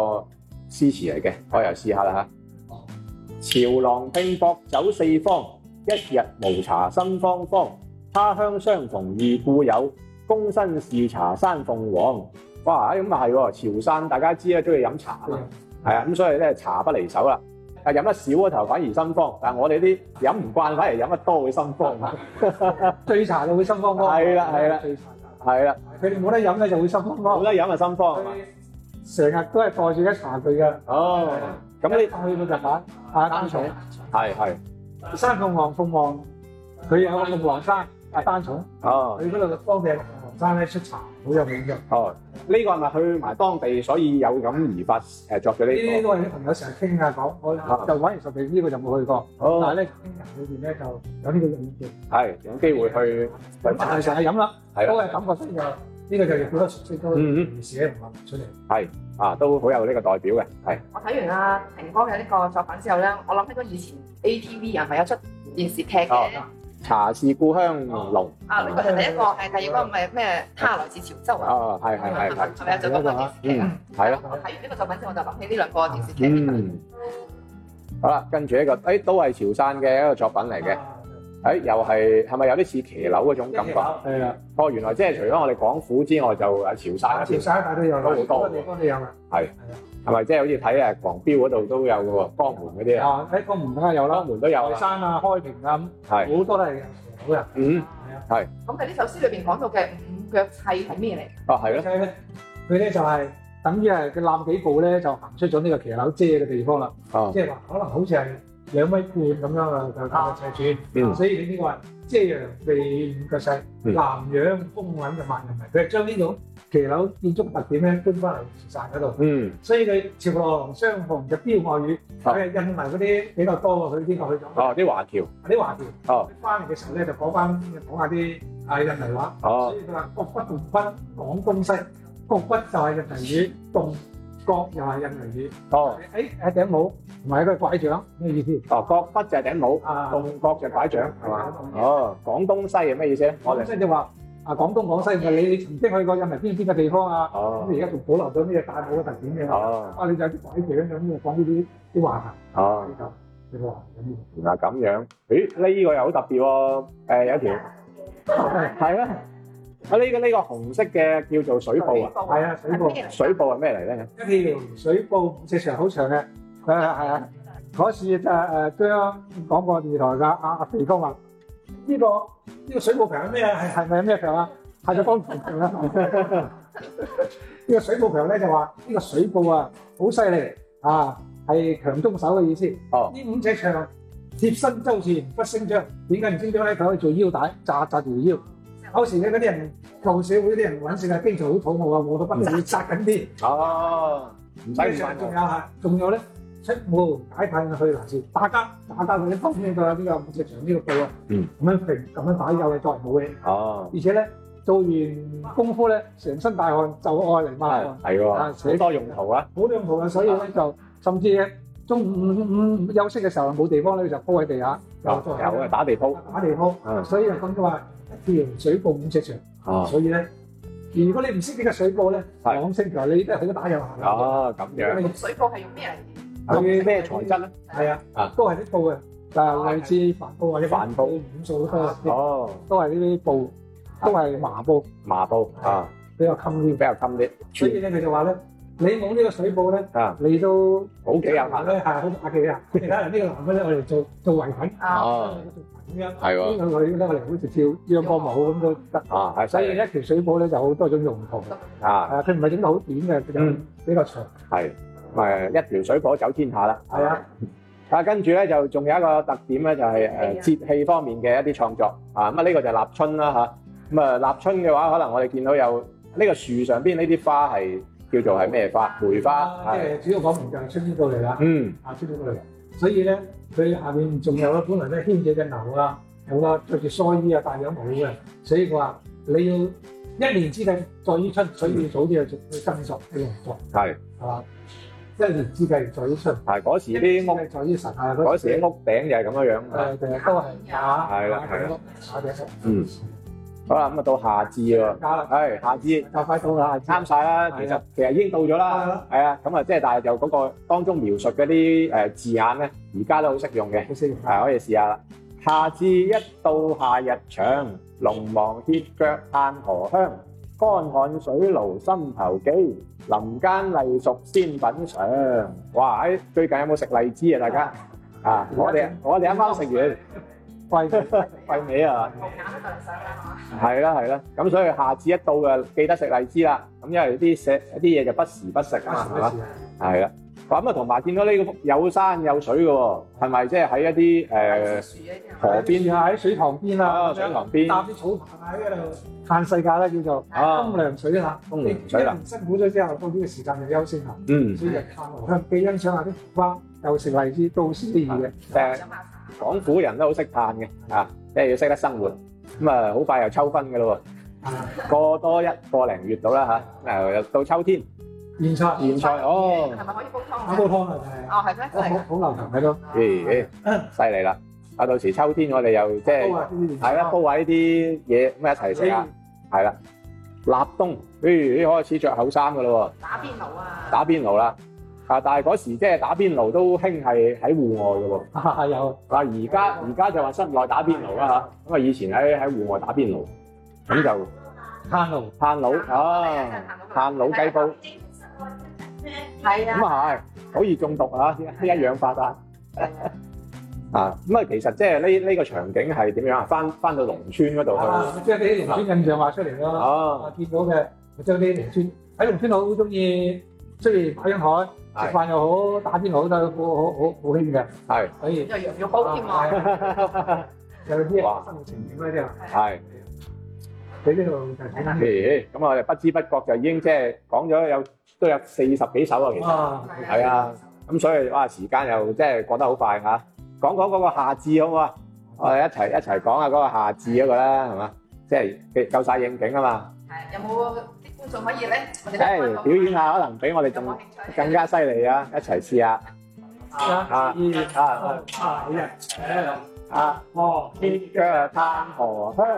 S1: 詩詞嚟嘅，我哋又試下啦嚇、嗯。潮浪拼搏走四方，一日無茶心慌慌。他鄉相逢遇故友，躬身侍茶山鳳凰，哇！咁啊係，潮汕大家知啦，中意飲茶，係啊，咁所以咧茶不離手啦。但係飲得少嗰頭反而心慌，但係我哋啲飲唔慣，反而飲得多會心慌啊！醉 *laughs* 茶會就會心慌慌，係啦係啦，係啦，佢冇得飲咧就會
S2: 心慌慌，冇得飲啊心慌，成日都係帶住一茶佢㗎。哦，咁你去到就揀啊，啊，啊單叢，係係山鳳凰鳳凰，佢有個鳳凰山啊單叢哦，佢嗰度方便。山咧出茶好有味嘅。哦，呢、
S1: 這個係咪去埋當地，所以有感而發、嗯、作嘅呢、這個？呢啲都係啲朋友成日傾啊講，我、
S2: 哦、就反而實地呢、這個就冇去過。哦，但係咧裏
S1: 邊咧就有呢個印象。係有機會去。係成日飲啦。係。都係、啊、感覺上就呢、這個就係比較最多電視咧出嚟。係啊，都好有呢個代表嘅。係。我睇完阿、啊、庭哥嘅呢個作品之後咧，我諗應該以
S3: 前 ATV 係咪有出電視劇嘅？哦嗯
S1: 茶是故鄉濃。啊，呢個
S3: 係第一個，係第二個唔係咩？他來自潮州啊，係係係。仲有一作品，嗯，係咯。睇完呢個作品之後，我就
S1: 諗起
S3: 呢兩個
S1: 電視劇。嗯。好啦，跟住一個，誒，都係潮汕嘅一個作品嚟嘅。誒、哎、又係係咪有啲似騎樓嗰種感覺？係啊！哦，原來即係除咗我哋廣府之外就，就係潮汕啊，潮汕大，大都有，好多地方都有啊。係係啊，係咪即係好似睇啊，狂飆嗰度都有嘅喎，江門嗰啲啊。喺江門下有啦，江門，啊有啊，門都有啊。台山
S2: 啊，開
S1: 平啊咁，係好多
S2: 都
S3: 係騎
S2: 樓啊。嗯，係啊，係。咁、啊、但呢首詩裏邊講到嘅五腳砌係咩嚟？哦，係咯。砌咧，佢咧就係、是、等於係佢攬幾步咧，就行出咗呢個騎樓遮嘅地方啦。哦、啊，即係話可能好似係。兩米半咁樣啊，就攤住，所以你呢個係遮陽避雨嘅勢，南洋風韻就萬人迷，佢係將呢種騎樓建築特點咧搬翻嚟潮汕嗰度。嗯，所以佢潮浪雙紅就標外語，佢印尼嗰啲比較多啊，佢呢個去
S1: 咗啊啲華僑，啲華僑哦，
S2: 翻嚟嘅時候咧就講翻講下啲啊印尼話，所以佢話各骨同根講東西，各骨在就同語共。角又係印尼字哦，誒、哎、誒頂帽，同埋一個拐杖，咩意思？哦，角筆就係頂帽，動角就係拐杖，係、啊、嘛？哦、啊啊啊，廣東西係咩意思？即係你話啊，廣東廣西，唔係你你曾經去過印尼邊邊嘅地方啊？咁而家仲保留咗咩嘢戴帽嘅特點嘅、啊？啊，你就喺啲拐杖咁就講呢啲啲話題。
S1: 哦、啊啊啊，原來咁樣，咦呢、呢個又好特別喎、啊欸？有一條係咩？ *laughs* 是嗎 *laughs* 我、啊、呢、這個呢、這個紅色嘅叫做水布啊，係啊。水布水布係咩嚟？咧？一
S2: 條水布五尺長好長嘅，係係啊。嗰次誒誒，講過電台噶阿阿肥哥話：呢、這個呢、這個水布強係咩啊？係係咪咩強啊？係 *laughs* *laughs* 就方雞強啊！呢個水布強咧就話呢個水布啊，好犀利啊，係強中手嘅意思。哦，呢五尺長貼身周旋不聲張，點解唔聲張咧？佢可以做腰帶，扎扎住腰。有時咧，嗰啲人舊社會啲人揾食啊，經常好討好啊，我都不殺緊啲哦。唔使話，仲有啊，仲有咧，出門解體去嗱住打格打格嗰啲房，邊都有呢咁食場呢個鋪啊。嗯，咁樣平咁樣打又係再冇嘢。哦、啊，而且咧做完功夫咧，成身大汗就愛嚟
S1: 抹。係係喎，好多用途啊，好、啊、
S2: 多用途啊，所以咧就甚至咧中午午休息嘅時候冇地方咧，就鋪喺地下又再有啊，
S1: 打地鋪打地
S2: 鋪，所以就咁嘅嘛。嗯啲水布五尺長，所以咧，如果你唔識呢個水布咧，講聲就係你都係好打遊行嘅。哦，咁樣。水布係用咩嚟？用咩材質咧？係啊，都係啲布嘅，但係類似帆布或者帆布五數都得。哦，都係呢啲布，都係麻布。麻布啊，比較襟啲，比較襟啲。所以咧，佢就話咧，你冇呢個水布咧，你都冇幾廿萬咧，係好打幾廿萬。其他人呢個男嘅咧，我哋做做圍裙啊。係喎，咁佢咧我哋好直接，養樸茂咁嘅特啊，係。所以一條水草咧就好多種用途啊，誒佢唔係整得好短嘅，佢就比較長。
S1: 係、嗯，咪一條水草走天下啦。係啊，啊跟住咧就仲有一個特點咧，就係、是、誒節氣方面嘅一啲創作啊，咁啊呢、這個就立春啦吓，咁啊，啊立春嘅話，可能我哋見到有呢、這個樹上邊呢啲花係叫做係咩花？梅花即係。嗯是的啊這個、
S2: 主要講明就係春天到嚟啦，嗯，啊春天到嚟，所以咧。佢下面仲有啦，本嚟都牽住隻牛啦，有個着住蓑衣啊，帶咗帽嘅。所以佢話你要一年之計在於春，所以要早啲去去耕作用作，係係嘛，一年之計在於春。係嗰時啲屋，嗰時啲屋頂就係咁樣的樣嘅、啊啊，都係
S1: 瓦瓦頂屋頂嗯，好啦，咁啊到夏至喎，係夏至，下下快到啦，慘曬啦，其實其實已經到咗啦，係啊，咁啊即係，但係就嗰個當中描述嗰啲誒字眼咧。而家都好適用嘅，係可以試下啦。夏至一到夏日長，龍芒歇腳探荷香，乾旱水澇心頭記。林間荔熟先品嚐，哇！喺最近有冇食荔枝啊？大家啊，我哋我哋啱啱食完，貴貴味啊！紅眼都
S5: 夠
S1: 手啦，係嘛？係啦係啦，咁所以夏至一到啊，記得食荔枝啦。咁因為啲食啲嘢就不時不食啊嘛，係啦。咁啊，同埋見到呢個幅有山有水嘅喎，係咪即係喺一啲誒河邊啊，喺水塘邊啊，水塘邊搭啲草棚喺度
S2: 嘆世界啦，叫做風涼水冷，啲啲辛苦咗之後，到呢個時間就休息下。嗯，所以就嘆。咁俾欣賞下啲花，又是荔枝，都好舒適嘅。
S1: 誒，廣府人都好識嘆嘅嚇，即係要識得生活。咁啊，好快又秋分嘅咯喎，過多一個零月到啦嚇，嗱又到秋天。燕菜，燕菜，現菜哦，係
S2: 咪可以煲湯？煲
S1: 湯啊，係咪？哦，係咩？好、哦哦哦、流行睇到，咦、哦，啊，犀利啦！啊，到時秋天我哋又即係係啦，煲下呢啲嘢咁一齊食啊，係啦，立冬，咦、哎，開始着厚衫噶咯喎，打邊爐啊，打邊爐啦！啊，但係嗰時即係打邊爐都興係喺戶外噶喎、啊，有嗱，而家而家就話室內打邊爐啦嚇，咁、嗯、啊以前喺喺戶外打邊爐，咁、嗯、就炭爐炭爐啊，
S5: 炭爐雞煲。
S1: 係啊，咁啊係、啊，好易中毒是啊！一氧化碳啊，咁啊，啊，其實即係呢呢個場景係點樣返返啊？翻翻到農村嗰度去，即
S2: 係啲農村印象畫出嚟咯。哦、啊啊，見到嘅，即係啲農村喺農村好中意，出面擺張台食飯又好，打邊爐都好，好
S1: 好好，興嘅。係可、啊、以，又又有煲添啊，又啲生活情景嗰啲係。
S2: 喺呢度就
S1: 睇翻，咁啊，我哋不知不覺就已經即係講咗有都有四十幾首啊，其實係啊，咁所以哇，時間又即係過得好快吓。講講嗰個夏至好唔好啊？我哋一齊一齊講下嗰個夏至嗰個啦，係嘛，即係夠晒應景啊嘛。係有
S3: 冇啲觀眾可以咧？
S1: 我哋誒，表演下可能比我哋仲更加犀利啊！一齊試下啊啊
S2: 啊啊！一人唱啊，我牽著他
S1: 何鄉？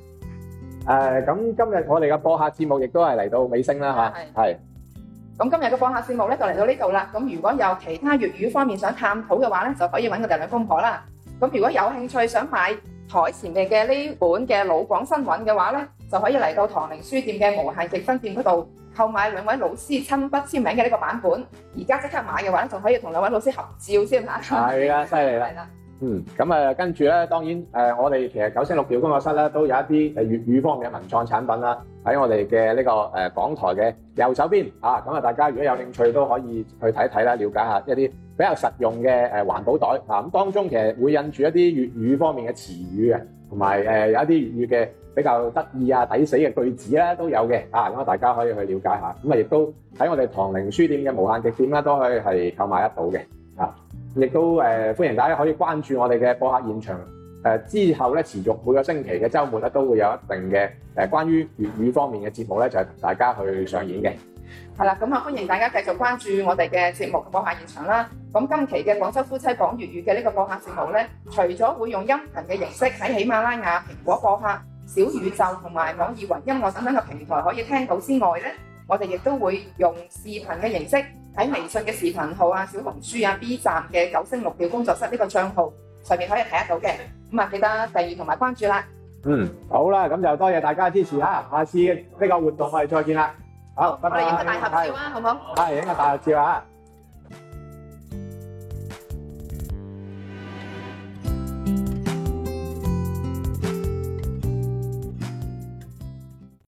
S1: 誒，咁今日我哋嘅播客節目亦都係嚟到尾聲啦吓，係。
S3: 咁今日嘅播客節目咧就嚟到呢度啦。咁如果有其他粵語方面想探討嘅話咧，就可以揾我哋兩公婆啦。咁如果有興趣想買台前邊嘅呢本嘅老廣新韻嘅話咧，就可以嚟到唐寧書店嘅無限極分店嗰度購買兩位老師親筆簽名嘅呢個版本。而家即刻買嘅話咧，仲可以同兩位老師合照先吓。係啦，犀利啦。
S1: 嗯，咁啊，跟住咧，當然誒，我、呃、哋其實九聲六調工作室咧，都有一啲誒粵語方面嘅文創產品啦，喺我哋嘅呢個、呃、港台嘅右手邊啊，咁啊，大家如果有興趣都可以去睇一睇啦，了解下一啲比較實用嘅誒環保袋啊，咁當中其實會印住一啲粵語方面嘅詞語嘅，同埋誒有一啲粵語嘅比較得意啊、抵死嘅句子啦，都有嘅啊，咁啊，大家可以去了解下，咁、嗯、啊，亦都喺我哋唐寧書店嘅無限極店咧，都可以係購買得到嘅。亦都誒、呃、歡迎大家可以關注我哋嘅播客現場。誒、呃、之後咧，持續每個星期嘅週末咧，都會有一定嘅誒、呃、關於粵語方面嘅節目咧，就係同大家去上演嘅。
S3: 係啦，咁啊，歡迎大家繼續關注我哋嘅節目嘅播客現場啦。咁今期嘅廣州夫妻講粵語嘅呢個播客節目咧，除咗會用音頻嘅形式喺喜馬拉雅、蘋果播客、小宇宙同埋網易雲音樂等等嘅平台可以聽到之外咧～我哋亦都會用視頻嘅形式喺微信嘅視頻號啊、小紅書啊、B 站嘅九聲六調工作室呢、這個帳號上面可以睇得到嘅，咁啊記得訂閱同埋關注啦。
S1: 嗯，好啦，咁就多謝大家支持啦，下次呢個活動我哋再見啦。好，好拜拜，我哋影個大合照啊，哎，好唔好？係、哎，影個大合照啊！